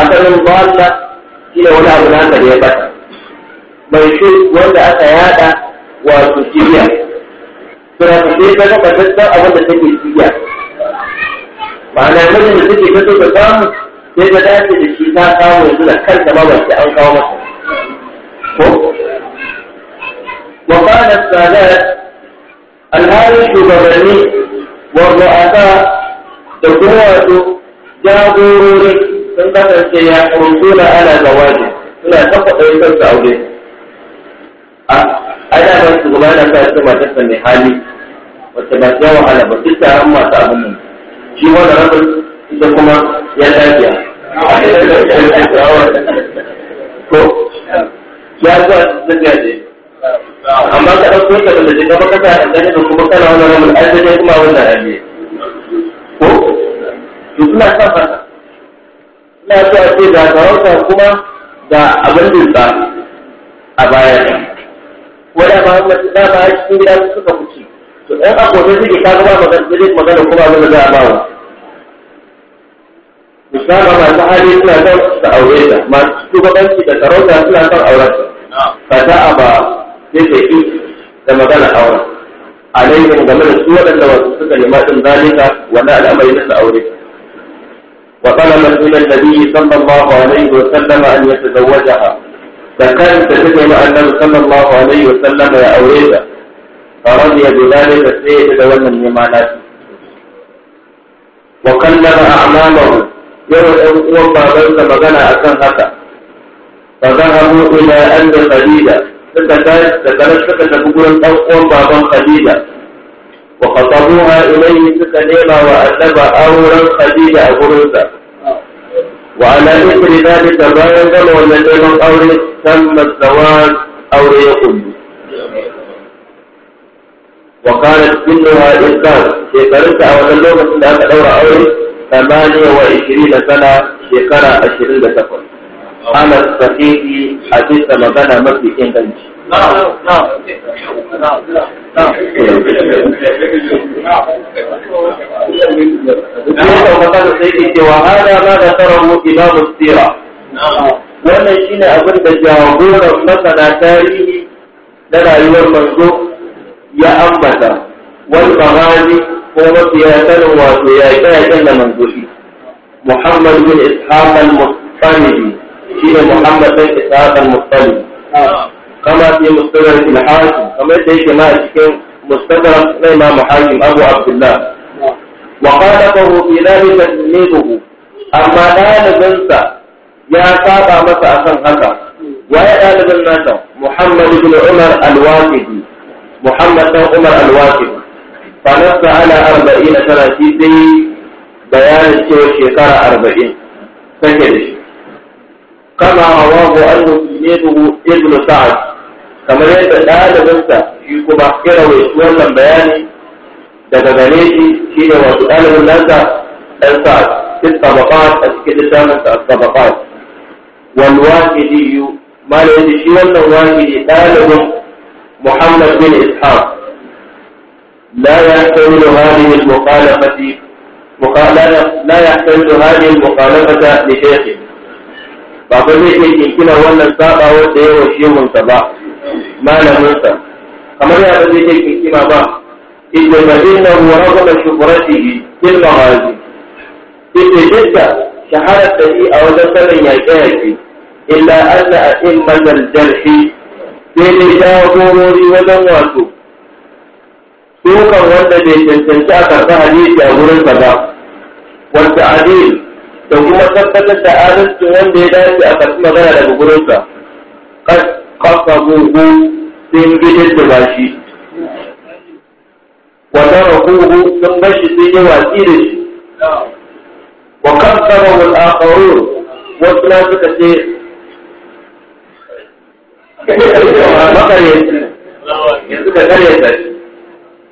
[SPEAKER 1] asalin bala shi ne wani abu na da ya bata mai shi wanda aka yada wato cikiya suna ta ce ta gaba tattar abin da take cikiya
[SPEAKER 2] ma'ana mijin da suke
[SPEAKER 1] fito da samu sai ga dace da shi ta samu yanzu da kanta ma bai an kawo masa ko wa kana salat
[SPEAKER 2] alhali shugabanni
[SPEAKER 1] wa ru'asa da kuma wato jagorori sun kasance ya kurtu na ana zawaji suna kafa ɗaya kansu aure a ana ba su gaba na sa su matarsa mai hali wacce ba su yawa ala ba duk taron masu abin nan shi wanda rabin ita kuma ya lafiya ko ya zuwa sun gaje amma ka ɗauko ta da shiga makasa a ɗan da kuma kana wani rabin arziki kuma wanda rabi ko to suna sa fata suna so a ce ga sarauta kuma ga abin dinsa a baya wani ba wani da ba a cikin gida suka fice to ɗan akwai suke ka gaba magana magana kuma zama za a bawa misali masu hali suna son su aure ta masu shugabanci da sarauta suna son auren ba za a ba sai da ki da magana auren alaihim game da su waɗanda wasu suka nema ɗin zalika wanda al'amari na aure وقال من إلى النبي صلى الله عليه وسلم أن يتزوجها فكانت تتكلم أن النبي صلى الله عليه وسلم يا أوريده فرضي بذلك السيد دولنا اليمانات وكلم أعمامه يوم وما بين مغنى أكن هكا فذهبوا إلى أن خديجة تتكلم تقول أقوم بابا خديدة وخطبوها إليه سكنيما وأنب أورا خديدة أبرزة وعلى إثر ذلك بايدا والذين أورد تم الزواج أو wa kanat sinnuha isban shekarunta a wannan lokacin da aka daura aure tamaniya wa ishirin sana shekara ashirin da takwas ana sahihi a bisa magana mafi inganci
[SPEAKER 2] وهذا ما ذكره إمام tsira. wannan shine abin da jagoran masana
[SPEAKER 1] tarihi na rayuwar manzo ya ambata wal bagani ko mafiya sanin wato ya yi kayakin da manzoshi muhammad bin ishaq al-mustanibi shi ne muhammad bin ishaq al-mustanibi kama fi mustadrak al-hakim kamar yadda yake ma a cikin mustadrak na imam hakim abu abdullah wa qalabahu fi dhalika tilmiduhu amma ɗalibinsa ya saba masa akan haka waye ɗalibin nasa muhammad bin umar al-waqidi Muhammad dan Umar al-Waqid fa nasta ala 40 sana shi dai bayanin cewa shekara 40 take da shi kama rawahu al-Muslimu ibn Sa'd kamar yadda dalibinsa shi kuma kirawai wannan bayani daga gare shi shine wato dalibin nasa dan Sa'd fi tabaqat a cikin littafin sa tabaqat wal waqidi ma shi wannan waqidi dalibin محمد بن إسحاق لا يحتمل هذه المخالفة لا يحتمل هذه المخالفة لشيخه ba ba zai iya kinkina wannan saba wanda ya washe mun ba malaminsa kamar ya ba zai iya kinkina ba idda madina wa rabbana shukratihi fil maghazi idda jidda shaharat da a wajen sanin yaƙe yaƙe illa anna a'immatal jarhi sai dai jagorori wajen wato sukan wanda bai cancanci a karɓi hadisi a gurinsa ba wata adil da kuma tabbatar da adalci wanda ya dace a karɓi magana daga gurinsa kafa gugu sun gidan da bashi wata rakuhu sun bashi sun yi watsi da shi wa kan kama wani akharu wasu na suka ce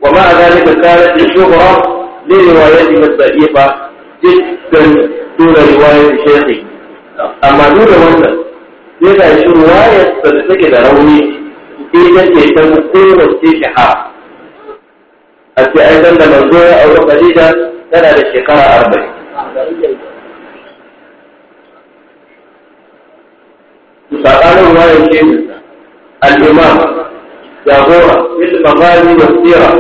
[SPEAKER 1] ومع ذلك الثالث الشهرة لروايته الضعيفة جدا دون رواية شيخي أما دون وزن إذا شو رواية تنسك دروني إذا تهتم كل الشيخ حار أنت أيضا لما زوى أو قديدا تنا للشقاء أربع مصابة رواية شيخه al'imam jagora fil magani da sira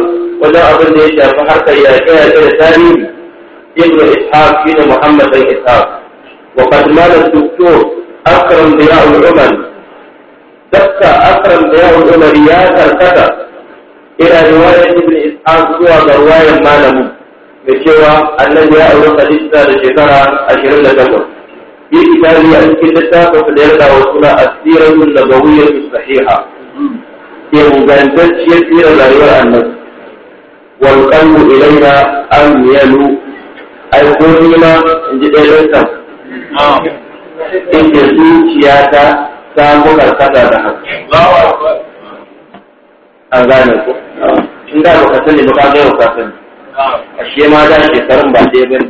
[SPEAKER 1] wajen abin da ya shafi harkar yaƙe-yaƙe da tarihi da ishaq shi da muhammad bin ishaq wa da doktor akram da yawon umar dakta akram da yawon umar ya karkata da, riwayar ibnu ishaq zuwa ga wayan malamin da cewa annabi ya aure khadija da shekara ashirin da takwas في كتابه أسكن التاقف ليرضى وصنع السيرة النبوية الصحيحة في مجانتشية سيرة الأيوة النبي والقلب إلينا أميل alƙonina in ji ɗaiɗansa
[SPEAKER 2] inda zuciya ta samu
[SPEAKER 1] karkata da haka.
[SPEAKER 2] An gane ku. In da baka sani ba ka gaya ka sani.
[SPEAKER 1] Ashe ma da shekarun ba ɗaya bane.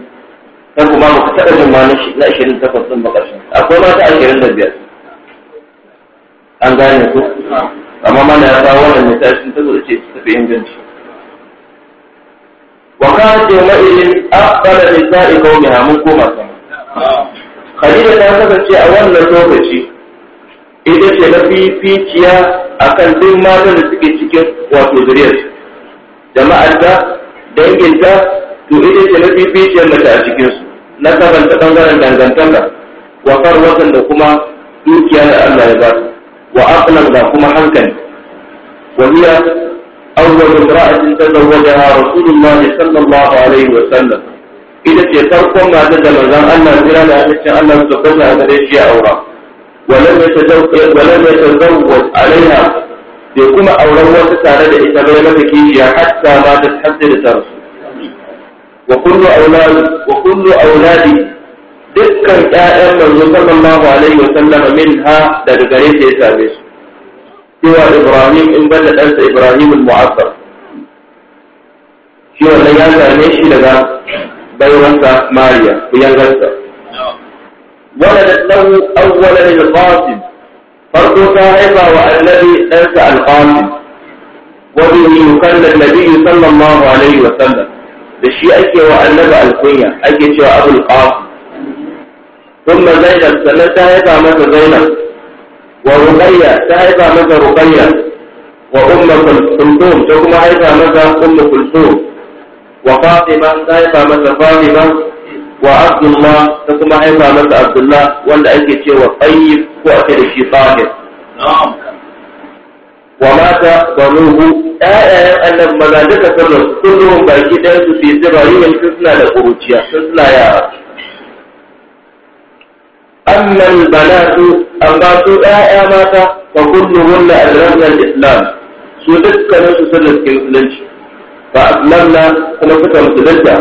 [SPEAKER 2] dan kuma mu taɓa jin ma na ashirin
[SPEAKER 1] takwas ɗin ba ƙarshen akwai mata ashirin da biyar an gane ku amma mana ya kawo wannan misali sun tazo da ce su tafi inganci wa kanat yawma'idin aqbala nisa'i qawmiha hamun koma sama Khadija ta kasance a wannan lokaci ita ce na fificiya akan duk matan da suke cikin wato zuriyar jama'ar ta danginta to ita ce na fificiyar mace a cikinsu nasaban ta bangaren dangantaka wa farwatan da kuma dukiya da Allah ya ba wa aqlan da kuma hankali wa hiya awwal imra'atin tazawwajaha rasulullah sallallahu alaihi wa sallam ita ce farkon mata da manzon Allah jira da hadisin Allah su kaza da gare shi aura walam yatazawwaj walam yatazawwaj alaiha bai kuma auren wata tare da ita bai mata kishiya hatta ma ta haddada da rasu wa kullu auladi wa kullu auladi dukkan ƴaƴan manzo sallallahu alaihi wa sallam minha daga gare ta ya same su cewa Ibrahim in banda ɗansa Ibrahim al-Mu'assar
[SPEAKER 2] shi wannan ya same shi daga baiwarsa
[SPEAKER 1] Mariya kuyangarsa ولدت له أول القاسم فرض صاحب والذي أنسى القاسم وبه يكلم النبي صلى الله عليه وسلم da shi ake wa annabi alkunya ake cewa abul qasim ثم زينب سلسة هيبا مثل زينب ورقية هيبا مثل رقية وأم كلثوم تكما هي مثل أم كلثوم وفاطمة هيبا مثل فاطمة وعبد الله تكما هي مثل عبد الله ولا أجل شيء وطيب وأكل الشيء طاهر نعم wa mata banuhu ƴaƴayen annabi maza duka sun rasu sun ruwan baki ɗayan su fi zibarin sun suna da ƙuruciya sun suna yara amman banatu an ba su ƴaƴa mata fa kullu hunna azramna islam su dukkanin su sun riske musulunci fa aslamna kuma suka musulunta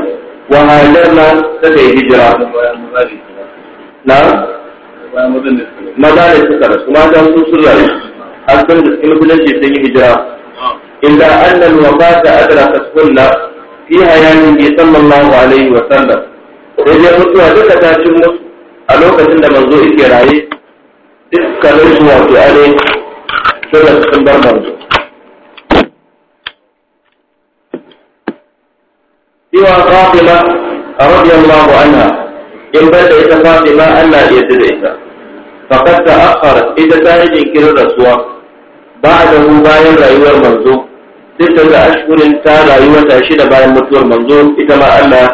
[SPEAKER 1] wa hajarna suka yi hijira na maza ne suka rasu mata su sun rasu an san da cikin musulunci sun yi hijira illa annal wafata adrakat kullu fi hayanin bi sallallahu alaihi wa sallam sai dai mutuwa duka ta cin musu a lokacin da manzo yake raye dukkanin su wato alai suna sun bar manzo cewa Fatima radiyallahu anha in bar da ita Fatima Allah ya yarda da ita faqad ta'akhkharat ita ta yi jinkirin rasuwa ba'dahu bayan rayuwar manzo duk da ashkurin ta rayuwar ta da bayan mutuwar manzo ita ma Allah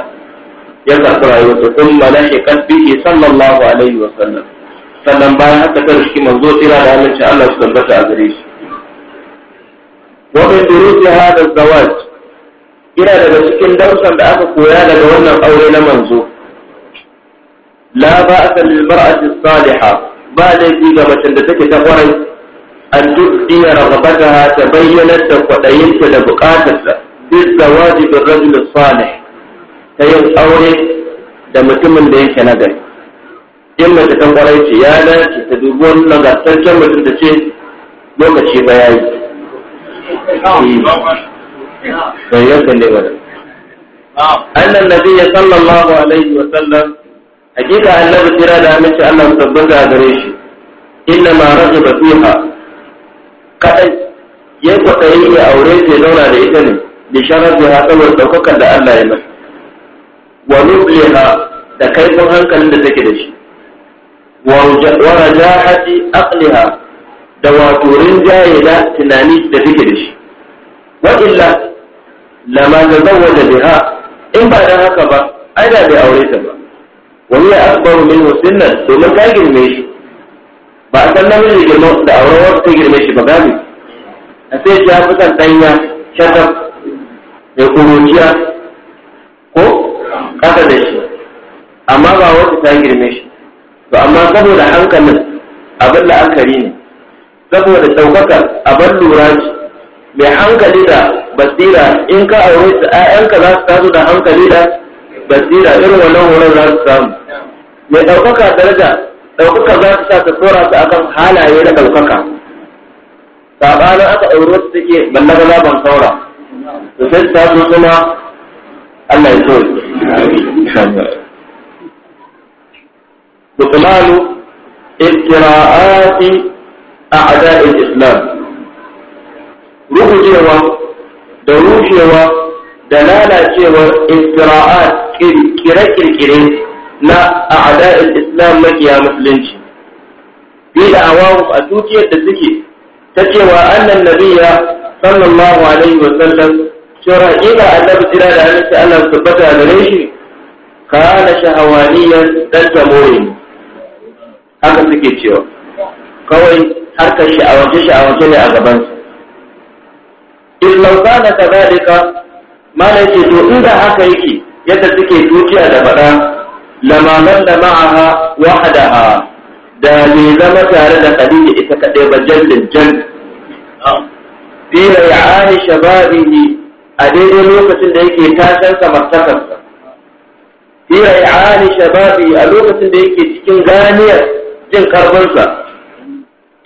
[SPEAKER 1] ya karɓi rayuwar ta kuma na shekar bihi sallallahu alaihi wa sallam sannan bayan haka ta riski manzo tira da halitta Allah su tabbata a gare shi wa min duruti hada zawaj ina daga cikin darsan da aka koya daga wannan aure na manzo la ba'sa lil mar'ati salihah ba laifi ga macen da take ta kwarai أن تؤدي رغبتها تبينت وقدينت لبقاتها في الزواج بالرجل الصالح تيض أوري لما تمن بينك نجل إما تتنقري سيادة تدوبون لغا تنجم وتدسين يوم شي بياي سيادة اللي غدا أن النبي صلى الله عليه وسلم أجيك أن نبتر هذا مثل أنه مصبغة أدريشي إنما رغب فيها kadai yayi kwaɗayi ya aure ta zauna da ita ne da sharar da hatsawar ɗaukakar da Allah ya mai wa nubliha da kaifin hankalin da take da shi wa a aqliha da wato rinjaye na tunani da take da shi wa illa lama da biha in ba da haka ba ai da bai aure ta ba Wani ya hiya akbaru wasu nan domin ta mai shi ba a san namiji girma da auren wasu ta girme shi ba gami a sai ya fi san ɗanya shakar mai kuruciya ko kasa da shi amma ba wasu ta girme shi to amma saboda hankalin abin la'akari ne saboda ɗaukaka abin lura ce mai hankali da basira in ka aure su ‘ya'yanka za su taso da hankali da basira irin wannan horon za su samu mai ɗaukaka daraja ɗaukuka za su ta tsora akan halaye na ɗaukaka saɓanin aka ɗauro su take balla gaba ban saura to sai ta zo kuma Allah ya so ku kumalu a ajayin islam rubujewa da rushewa da lalacewar ittira'at kirkire-kirkire na a'da'il islam makiya musulunci bi da awawu a dukiyar da suke ta cewa annan nabiya sallallahu alaihi wa sallam cewa haƙiƙa annabi jira da annabi Allah su da gare shi kana shahawaniyan dan tamori haka suke cewa kawai harkar sha'awance sha'awance ne a gaban su in lauza na kadalika mana ce to inda haka yake yadda suke dukiya da faɗa lama zanna ma'aha wahdaha da bai zama tare da Khadija ita kaɗai ba jallin jall fi rayani shababihi a daidai lokacin da yake tashin samartakarsa fi rayani shababi a lokacin da yake cikin ganiyar jin karbinsa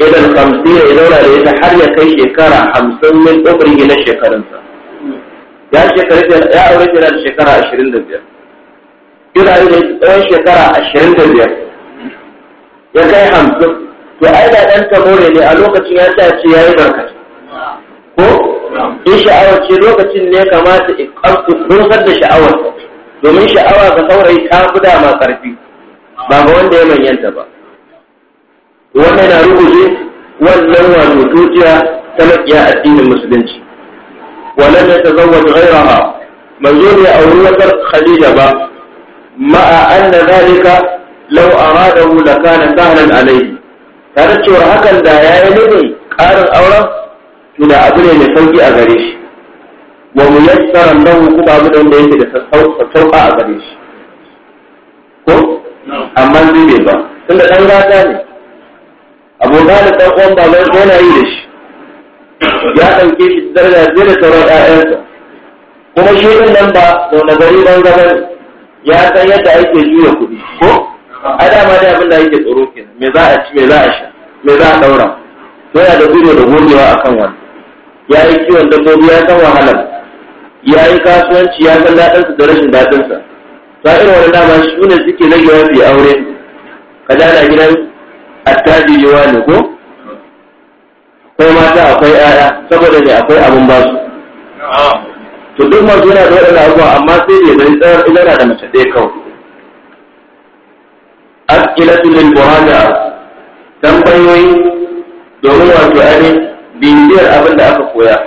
[SPEAKER 1] idan kamsi ya zauna da ita har ya kai shekara hamsin min ɗaukar gina shekarunsa ya auri ya aure shi shekara ashirin da biyar yana da tsawon shekara ashirin da biyar ya kai hamsin to ai da ɗan tamore ne a lokacin ya ce ce ya yi barkatu ko in sha'awar ce lokacin ne kamata ikkarsu dosar da sha'awar domin sha'awa ga saurayi ta fi dama ƙarfi ba ga wanda ya manyanta ba wannan na rubuce wannan wato tujiya ta maƙiya addinin musulunci wannan ya tazawwaj ghairaha manzo ne a wurin wajen khadija ba ma'a anna zalika law aradahu lakana sahlan alayhi tare cewa hakan da yayi nufin ƙarin auren to abu ne mai sauki a gare shi wa muyassaran lahu kuma abu da wanda yake da sassauka a gare shi ko amma zai ba tunda dan gata ne abokan da dan uwan baban ko yi da shi ya ɗauke shi daraja zai da sauran ƴaƴansa kuma shi ɗin nan ba zaune gari ban gaba ne ya san yadda ake juya kuɗi ko a dama da abin da yake tsoro kenan me za a ci me za a sha me za a daura to yana da gudu da gogewa akan wannan ya yi kiwon dabbobi ya san wahalar ya yi kasuwanci ya san daɗinsa da rashin daɗinsa ta irin wani dama shi ne suke rage mafi aure ka da na gidan attajiriwa ne ko ko mata akwai 'ya'ya saboda ne akwai abin basu to duk masu yana da waɗanda abubuwa amma sai ne zai tsayar idan da mace ɗaya kawai Askilatu lil buhada tambayoyi domin wato ainihin bibiyar abin da aka koya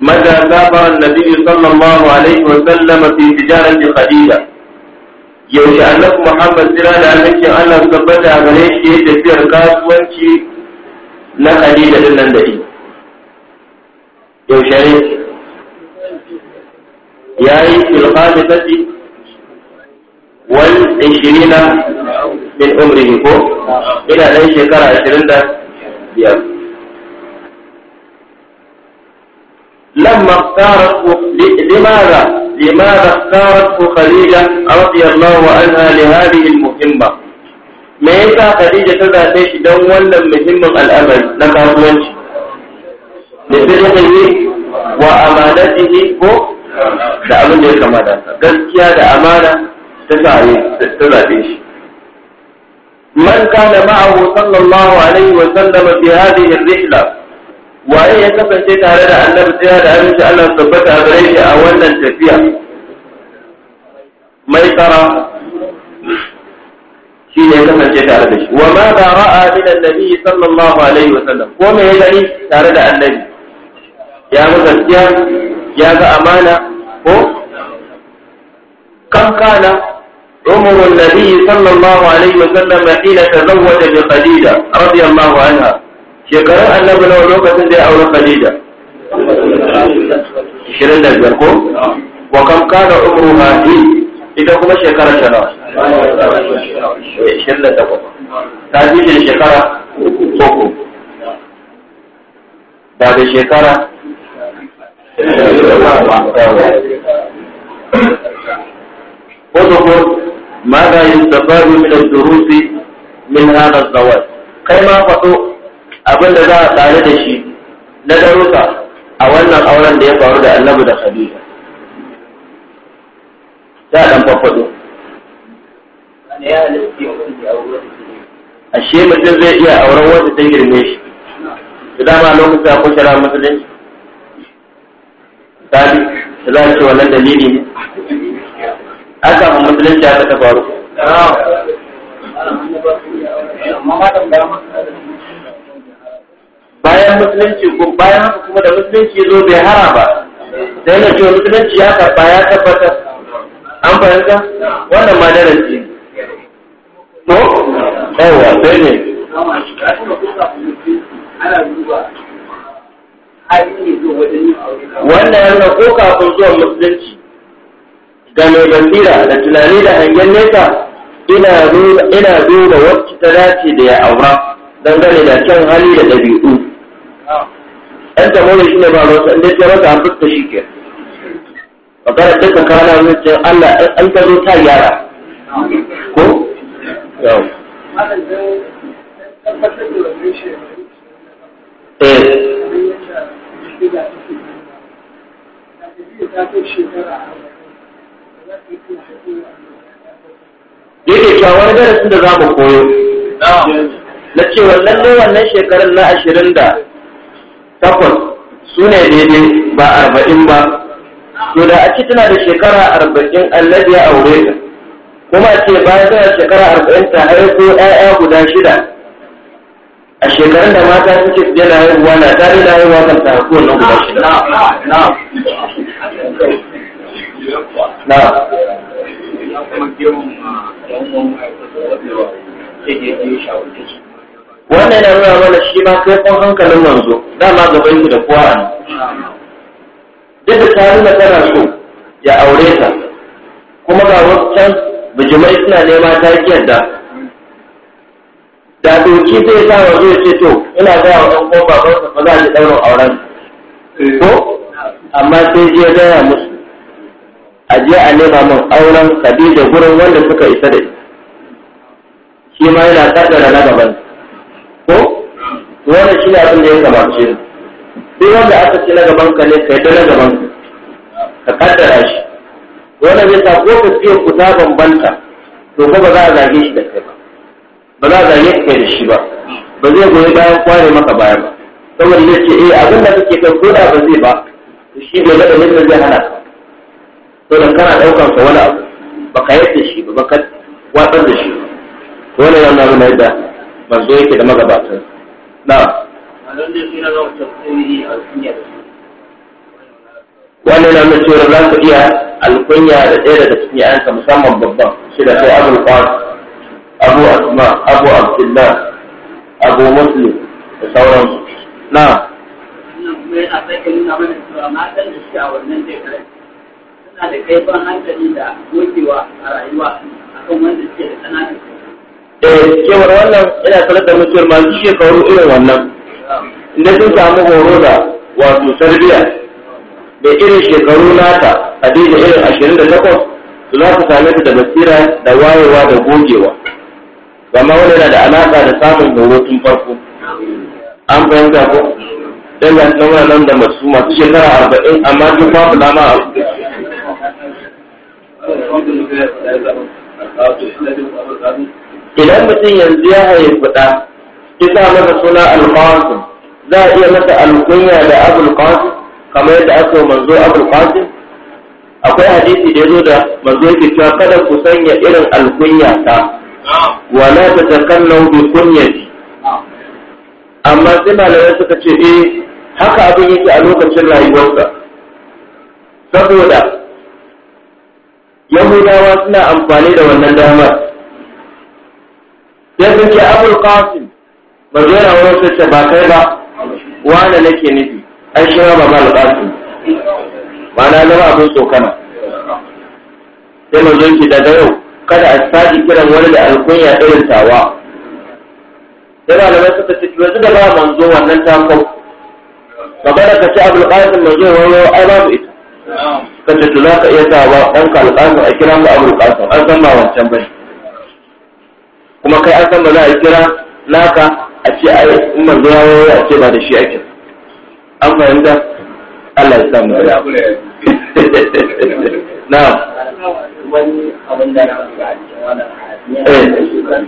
[SPEAKER 1] متى سافر النبي صلى الله عليه وسلم في تجارة Khadija. yaushe annabi Muhammad Sira da alhakin Allah tabbata a gare shi yake tafiyar kasuwanci na Khadija din nan da shi yaushe ne ياي في الخامسة والعشرين من عمره فوق إلى أي شكرا عشرين ده بيام لما اختارت لماذا لماذا اختارت خليجة رضي الله عنها لهذه المهمة ما يسا خليجة تدا تيش دولا مهم الأمل نقاط وانش
[SPEAKER 2] لفرقه وأمانته
[SPEAKER 1] فوق da abin da ya kamata gaskiya da amana ta sare ta zabe shi man kana ma'ahu sallallahu alaihi wa sallam fi hadhihi ar-rihla waye ya kasance tare da annabi tsaya da aminci Allah tabbata a gare shi a wannan tafiya mai tsara shi ne ya kasance tare da shi wa ma da ra'a min annabi sallallahu alaihi wa sallam ko me ya gani tare da annabi ya mu gaskiya ya ga amana ko kan kana umru nabi sallallahu alaihi wa sallam ila tazawwaja bi khadija radiyallahu anha annabi na lokacin da ya aure khadija 25 ko wa kan kana umru hadi ita kuma shekara ta shirin da ta ta ji shekara uku ba da shekara وذكر ماذا يستفاد من الدروس من هذا الزواج كما فتو abin da za a tare da shi na daruka a wannan auren da ya faru da annabi da khadija za a dan farfado ashe mutum zai iya auren wanda ta girme shi da dama lokacin akwai shara musulunci sabi za a ce wannan dalili ne a samu musulunci a ta faru bayan musulunci ko bayan haka kuma da musulunci zo bai hara ba da yana cewa musulunci ya karba ya tabbatar an fahimta wannan ma darasi to yawa sai ne ana ne. wannan yana ko kafin zuwan musulunci ga mai basira da tunani da hangen nesa ina duba wacce ta dace da ya aura dangane da kyan hali da ɗabi'u ɗan mawai shi ne ba wasu inda ce masa an fuska shi ke magana ta tsakana wajen Allah an ta zo ta yara. ko yau
[SPEAKER 2] eh. shida take da ta wani darasin da za mu koyo
[SPEAKER 1] na ce, wannan wannan shekarun na ashirin da takwas su ne daidai ba arba'in ba to da a ce tana da shekara arba'in da ya aure ta kuma ce bayan tana shekara arba'in ta haifo 'ya'ya guda shida a shekarun da mata suke su na haihuwa na tare da haihuwa kan ta hakuwa nan guda shi na wannan yana nuna mana shi ma kai kwan hankalin manzo dama gaban shi da kowa ne duk da ta nuna tana so ya aure ta kuma ga wasu can bijimai suna nema ta yadda da doki zai sa wa zai ce to ina ga wa ɗan kofa ba ba za ji ɗaurin auren eh. ko amma sai je gaya musu a je a nema min auren Khadija gurin wanda suka isa da shi ma yana kaddara na gaban ko wannan shi ne abin da ya kamace duk wanda aka ce na gaban ka ne ka yi na gaban ka kaddara shi wannan zai sa ko ka fiye ku ta bambanta to ko ba za a zage shi da kai ba ba za a zane ka da shi ba ba zai goyi bayan kware maka baya ba saboda ya ce eh abin da kake kai koda ba zai ba to shi bai da mutum zai hana to dan kana daukar sa wani abu ba ka yadda shi ba ka watsar da shi to wannan yana nuna yadda manzo yake da magabatar na wannan na nuna cewa za ka iya alkunya da ɗaya daga cikin 'ya'yanka musamman babban shi da sai abul qasim abu asma abu abdullah abu muslim da sauransu na a rayuwa
[SPEAKER 2] eh cewar wannan
[SPEAKER 1] ina sanar da mutuwar masu shekaru irin wannan inda sun samu horo da wato sarbiya da irin shekaru nata a daidai irin ashirin da takwas su za su same ta da basira da wayewa da gogewa gama wani yana da alaƙa da samun horo tun farko
[SPEAKER 2] an fahimta ko dan ga nan nan da masu masu shekara arba'in amma duk babu lama a idan mutum yanzu ya haifi
[SPEAKER 1] ɗa isa masa suna alƙawasin za a iya masa alkunya da abul kamar yadda aka manzo abul akwai hadisi da ya zo da manzo yake cewa kada ku sanya irin alkunya ta wala ta takannau bi kunyati amma sai malamai suka ce eh haka abin yake a lokacin rayuwarsa saboda yahudawa suna amfani da wannan damar sai sun ce abul qasim ba zai rawar su ba kai ba wane nake nufi an shi ba mal qasim na zama abin tsokana sai mu ki daga yau kada a sake kiran wani da alkunya irin tawa sai malamai suka ce yanzu da ba manzo wannan takon magana ka ci abul qasim manzo wani ai babu ita ka ce to za ka iya sa ba dan ka alqasim a kira mu abul qasim an san ba wancan bane kuma kai an san ba za a kira naka a ce a in manzo ya wani a ce ba da shi ake an fahimta Allah ya samu na'am wani abin da na a cikin wannan shi kuma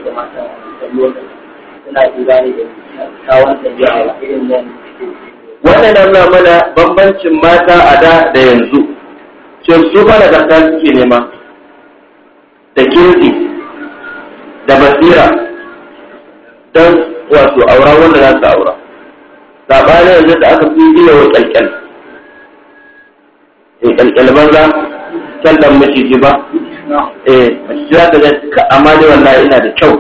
[SPEAKER 1] ta nan wannan mana bambancin mata a da da yanzu ce su fara da ta suke nema da kirki da basira don wato aura wanda za su aura saɓanin yanzu da aka fi iya wa ƙyalƙyal eh, ƙyalƙyal banza kyallan maciji ba eh maciji za ka ga amma dai wallahi ina da kyau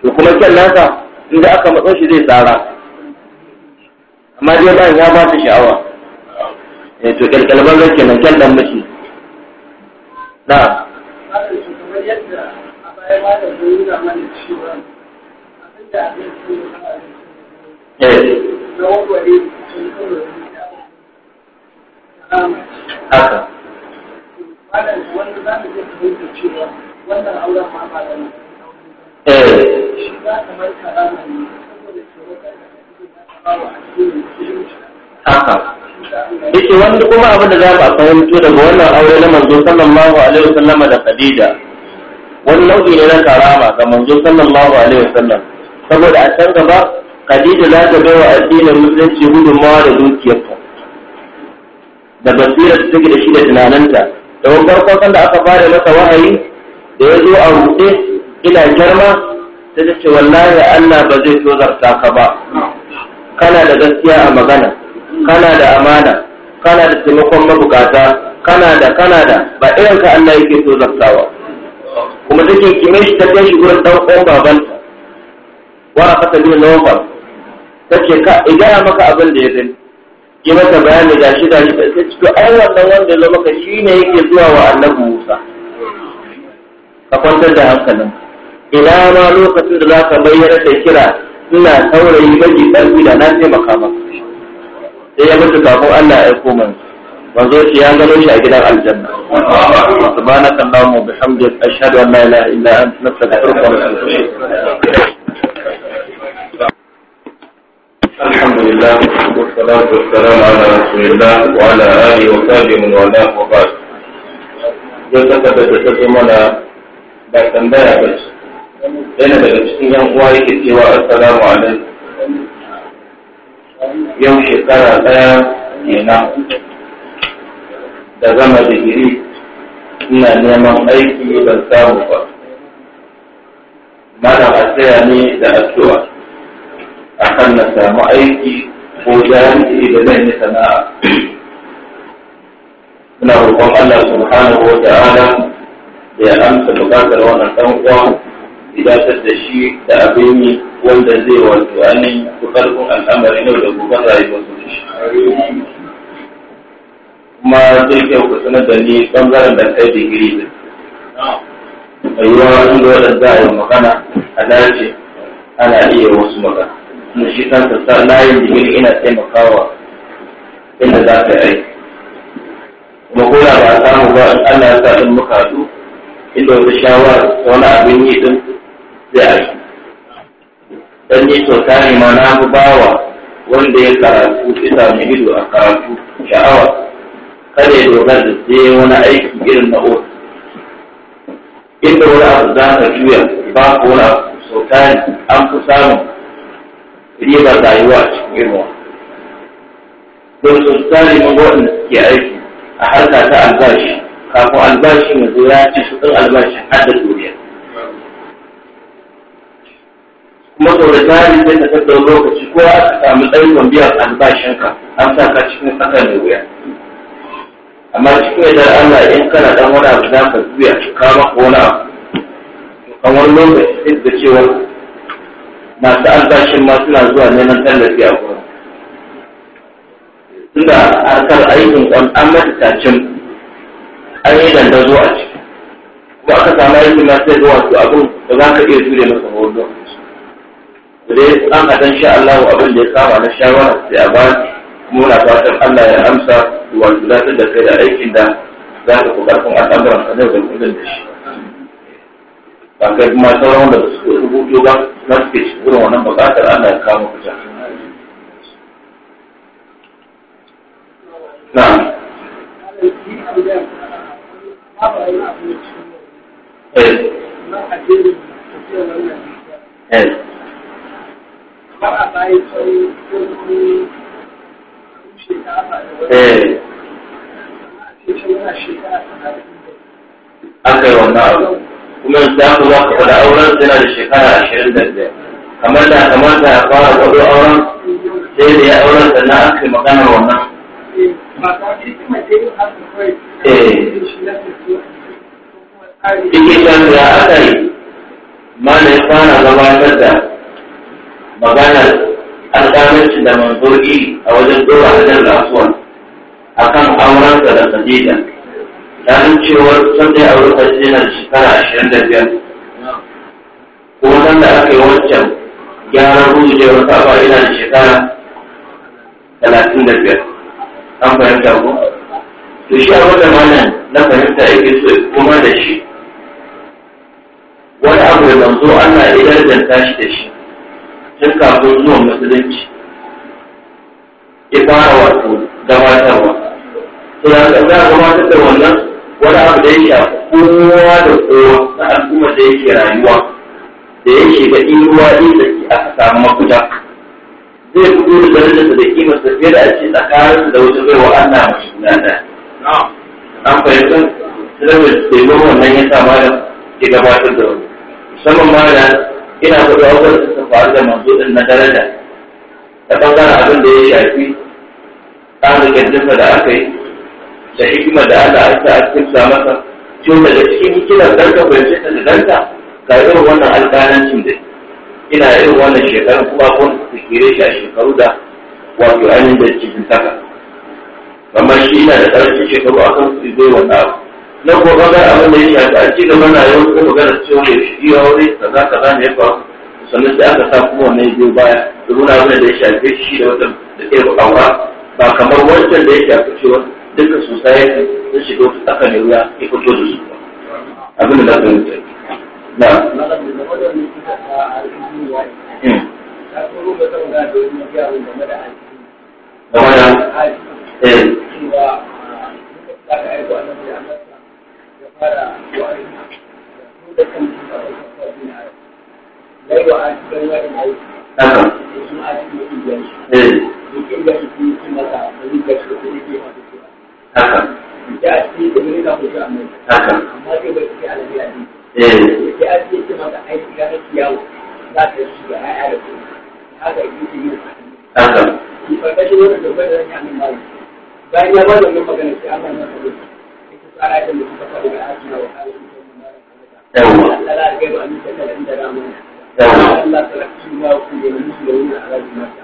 [SPEAKER 1] to kuma ka inda aka matso shi zai tsara amma dai ba ya ba ta sha'awa eh to kalkalban zai kenan kyallan maciji na Eh. haka eh. haka yake wani kuma abin da za ka fahimto daga wannan aure na manzo sallallahu alaihi wasallam da Khadija wani nau'i ne na karama ga manzo sallallahu alaihi wasallam saboda a can gaba Khadija za ta bai wa addinin musulunci gudunmawa da dukiyarta da basirar da take da shi da tunaninta domin farkon da aka fara masa wahayi da ya zo a rute ina girma ta ce wallahi Allah ba zai so zarta ka ba kana da gaskiya a magana kana da amana kana da taimakon mabukata kana da kana da ba irin ka Allah yake so zartawa kuma take kime shi ta kai shi gurin dan uwan babanta wara fata bin nawfal tace ka idan maka abin da ya gani yi mata bayani ga gashi da sai ciki ai wannan wanda zama ka shi ne yake zuwa wa annabi Musa ka kwantar da hankalin ina ma lokacin da zaka bayyana da kira ina saurayi maji karfi da na taimaka makama sai ya mutu kafin Allah ya aiko man shi ya gano shi a gidan aljanna subhanaka allahumma bihamdika ashhadu an la ilaha illa anta astaghfiruka wa atubu ilayk
[SPEAKER 2] لله والصلاة والسلام على رسول الله وعلى آله وصحبه من والاه
[SPEAKER 1] وبعد. Yau ta tabbata ta zo mana ba tambaya ba ce. Yana daga cikin yan uwa yake cewa assalamu
[SPEAKER 2] Yau shekara ɗaya
[SPEAKER 1] kenan da zama digiri ina neman aiki ban samu ba. Mana a tsaya ne da addu'a. akan na samu aiki ko jami'i da zan yi sana'a muna roƙon Allah subhanahu wa ta'ala da ya amsa buƙatar wannan ɗan uwa idatar da shi da abin yi wanda zai wato anin ku ƙarfin al'amarin yau da gobe rayuwar su shi kuma zai kyau ku sanar da ni ɓangaren da kai digiri da.
[SPEAKER 2] Mai yawa wadanda za a yi magana
[SPEAKER 1] a dace ana iya wasu magana. kuma shi kansa sa layin jibili ina taimakawa inda za ka yi kuma ko da ba a samu ba in Allah ya sa in muka haɗu inda wata shawara wani abin yi din zai yi. dan ni so tani ma na mu bawa wanda ya karatu isa mai ido a karatu sha'awa kada ya dogara da sai wani aiki irin na ofis inda wani abu za ka juya ba ko wani abu so an fi samun ribar rayuwa a cikin inuwa don su tsari mawaɗin suke aiki a harka ta albashi kafin albashi mai zo ya ci su ɗin albashi har da duniya kuma sau da tsari zai ta tattara lokaci ko a samu ɗaukar biyan albashinka an sa ka cikin tsakar da wuya amma cikin yadda Allah in kana dan wani abu za ka zuya ka kama ko wani abu kamar lokaci sai ka cewa masu albashin ma suna zuwa neman tallafi a gona tunda harkar aikin kwan an mata tacin an yi zuwa a ciki kuma aka samu aikin na sai zuwa su abin da za ka iya ture masa hoto da dai an haɗa sha Allah abin da ya kama na shawara sai a ba kuma na fatan Allah ya amsa wato da kai da aikin da za ka fi ƙarfin al'amuran ka da kullum da shi ba kai kuma sauran wanda ba su rubuto ba na suke cikin wannan bukatar Allah ya kawo fita.
[SPEAKER 2] Na. Eh. Eh. Eh.
[SPEAKER 1] Aka yi wannan abu. kuma da ku za ku faɗa auren suna da shekara ashirin da biyar kamar da kamata ya fara gwado auren sai da ya auren sannan an kai magana wannan
[SPEAKER 2] Ike can da aka yi
[SPEAKER 1] mana ya fara gabatar da maganar alƙalanci da manzo a wajen dora a jan rasuwan kan aurensa da sadidan ranar cewar sanda a wurin hajji shekara ashirin da biyar ko nan da aka yi wancan gyaran rujewar kafa yana da shekara talatin da biyar an fahimta ko to shi a wata mana na fahimta yake so kuma da shi wani abu da zanzo ana ya da shi da shi tun kafin zuwan musulunci ya fara wato gabatarwa to da za a gabatar da wannan wani abu da ya shafi kowa da kowa na al'ummar da yake rayuwa da ya shiga in ruwa ne da ke aka samu mafita zai fito da darajarsa da kimar sa fiye da a ce tsakaninsa da wata baiwa Allah mai suna da an fahimta tsirar taimako wannan ya sa malam ke gabatar da wani musamman mara ina ga abubuwan da suka faru da masu ɗin na daraja ta ɓangaren abin da ya shafi ga gajinsa da aka yi da hikima da Allah ya a cikin sa masa to da cikin hikimar dan ka bayyana ta da danta ga irin wannan alƙalancin da ina irin wannan shekarun kuma kun ku shi a shekaru da wato ainihin da cikin taka amma shi yana da ƙarancin shekaru akan su zai wanda abu na ko ga abin da yake shafi a cikin mana yau ko magana cewa ya shi ya wuri kaza za ka ya ba sannan sai aka sa kuma wannan biyu baya da runa abin da ya shafi shi da wata da ke ba ba kamar wancan da ya shafi cewa duka society sun shiga wata tsaka ne wuya ya fito da su abin da za ka yi na
[SPEAKER 2] Thank hmm. eh.
[SPEAKER 1] you. Eh. haka da a cikin da ne da ku ga mai haka amma dai bai ci alabi a din eh sai a cikin mata ai ga na kiyawo za ka shi ga ai da ku haka yi shi ne haka ki farka shi wannan da bai da ya min mai bayan ya ba da wannan magana sai Allah ya faɗi ita tsara da mutum ka faɗi aji na wahala yawwa Allah ya ga ba ni da da mu
[SPEAKER 2] yawwa Allah ta rakiya ku da mutum da wani alaji mata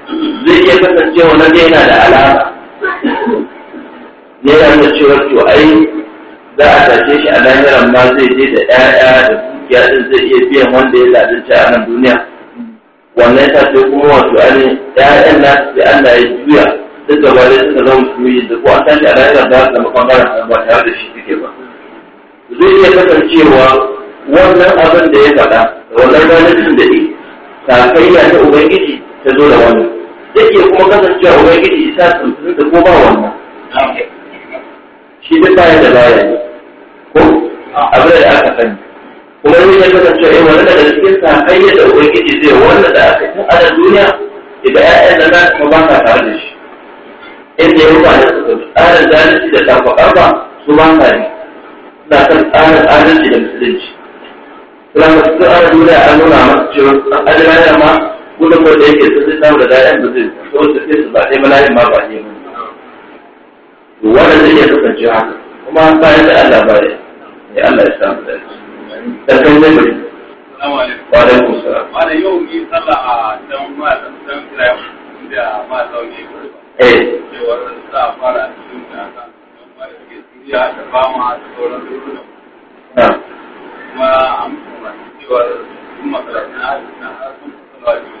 [SPEAKER 1] zai iya kasancewa na yana da alama yana da cewa to ai za a tashe shi a lahiran ma zai je da ɗaya da dukiya din zai iya biyan wanda ya zalunci a nan duniya wannan ta ce kuma wato ne ƴaƴan na sai Allah ya juya duk gaba da suka zama musulmi da ko an tashi a lahiran za su zama ɓangaren ba tare da shi suke ba zai iya kasancewa wannan abin da ya faɗa da wannan ranar da ya sakayya ta ubangiji ta zo da wani zai iya kuma kasancewa ubangiji isa tuntun da ko ba wannan shi duk bayan da bayan ne ko abin da aka sani kuma zai iya kasancewa eh wani daga cikin hanyar da gidi zai wanda da aka tun ana duniya idan ya'yan da na kuma ba ka tare da shi inda ya mutane su tsarin zalunci da tafakan ba su ba ka ne na kan tsarin adalci da musulunci. Kuma masu tsarin duniya an nuna masu cewa an adalci ma kuma ko da yake sun samu da da'yan da zai so sai su ba dai malayin ma ba ne mun. wannan zai iya kasance haka kuma bayan da Allah baya ya Allah ya samu da shi da kai ne bari wa da yau ni sallah a can, ma dan kira eh. da ma zauni eh cewa sa fara cikin da
[SPEAKER 2] aka dan da ke da ba ma sauran kuma an kuma cewa kuma karatun a cikin har sun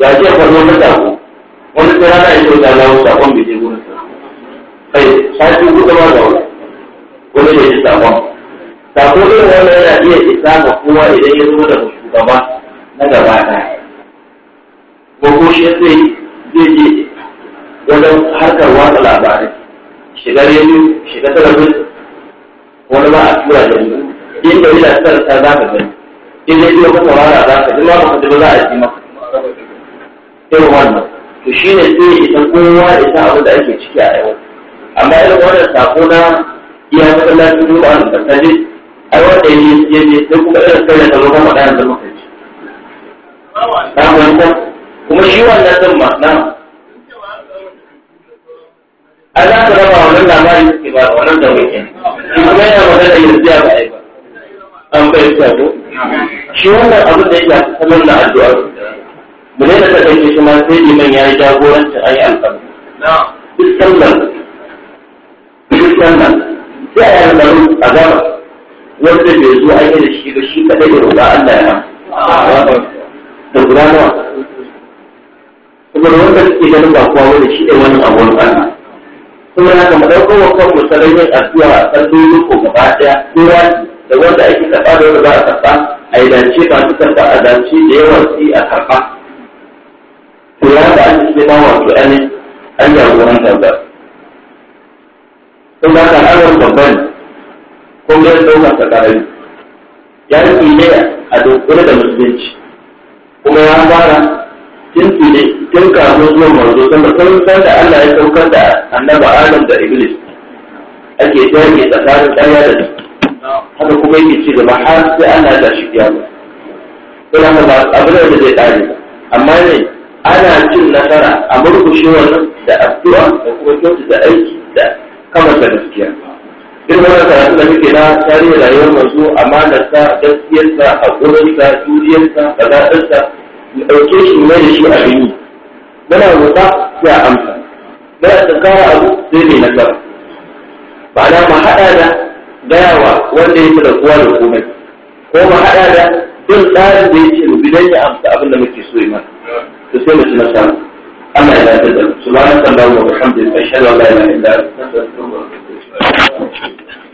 [SPEAKER 1] yake ce farko ta sako wani tsira na yi kyauta na wuta kwan bai je gurin sa kai sati hudu ma da wani wani bai ji sakon sako irin wani yana iya isa ga kowa idan ya zo daga shugaba na gaba na ko ko shi zai zai je wajen harkar watsa labarai shigar yanzu shiga talabijin wani ba a tura da yanzu in da yana tsarsa za ka gani in zai yi ka saurara za ka ji ma ba ka ji ba za a ji maka irin wannan to shi ne sai idan kowa ya san abin da ake ciki a yau amma irin wannan sako na iya masallacin duba wani tattali ai wanda ya je ne sai kuma irin sai ya zama magana da muka ci ta fahimta kuma shi wannan din ma na an za su raba wannan labarin suke ba wannan da wuke shi kuma yana magana yanzu ya ba ba an bai ko shi wannan abin da ya shafi salon da addu'a mu ne da ta kai shi ma sai liman ya yi jagoranci a yi alƙalmi duk sallar duk sallar sai a yi alƙalmi a gaba wanda bai zo an yi da shi ba shi kaɗai ya roƙa Allah ya nan da guda nawa kuma da wanda suke ganin ba kowa wanda shi da wani abuwan Allah kuma na kama ɗaukar wa kan musalai yin addu'a a sallolin ko gaba ɗaya kowa da wanda ake karɓa da wanda za a karɓa a yi dace ba su karɓa a dace da yawan su a karɓa to ya ba an cikin dan wato an an jagoranta ba sun ba ka al'adar babban ko bai ɗaukar ta ƙarami ya rufe ne a dokar da musulunci kuma ya fara tun tile tun kafin zuwa manzo sun san da Allah ya saukar da annaba Adam da Iblis ake jage tsakanin ɗaya da haka kuma yake ci gaba har sai Allah ya tashi kiyama. Ina ba abin da zai ɗare amma ne ana cin nasara a murkushe wannan da addu'a da kuma kyautu da aiki da kamar da gaskiya irin wannan karatu da muke na tarihin rayuwar manzo amanarsa gaskiyarsa haƙurinsa juriyarsa kazaɗarsa mu ɗauke shi mai da shi a yi muna roƙa ya amsa muna tsakawa abu sai mai nasara ba na mu haɗa da gayawa wanda yake da kowa da komai ko mu haɗa da bin tsarin da yake mu don ya amsa abin da muke so yi mana sai mu tuna samu Allah ya yarda da mu subhanallahi wa san ashhadu an la ilaha illa
[SPEAKER 2] anta astaghfiruka wa atubu ilaik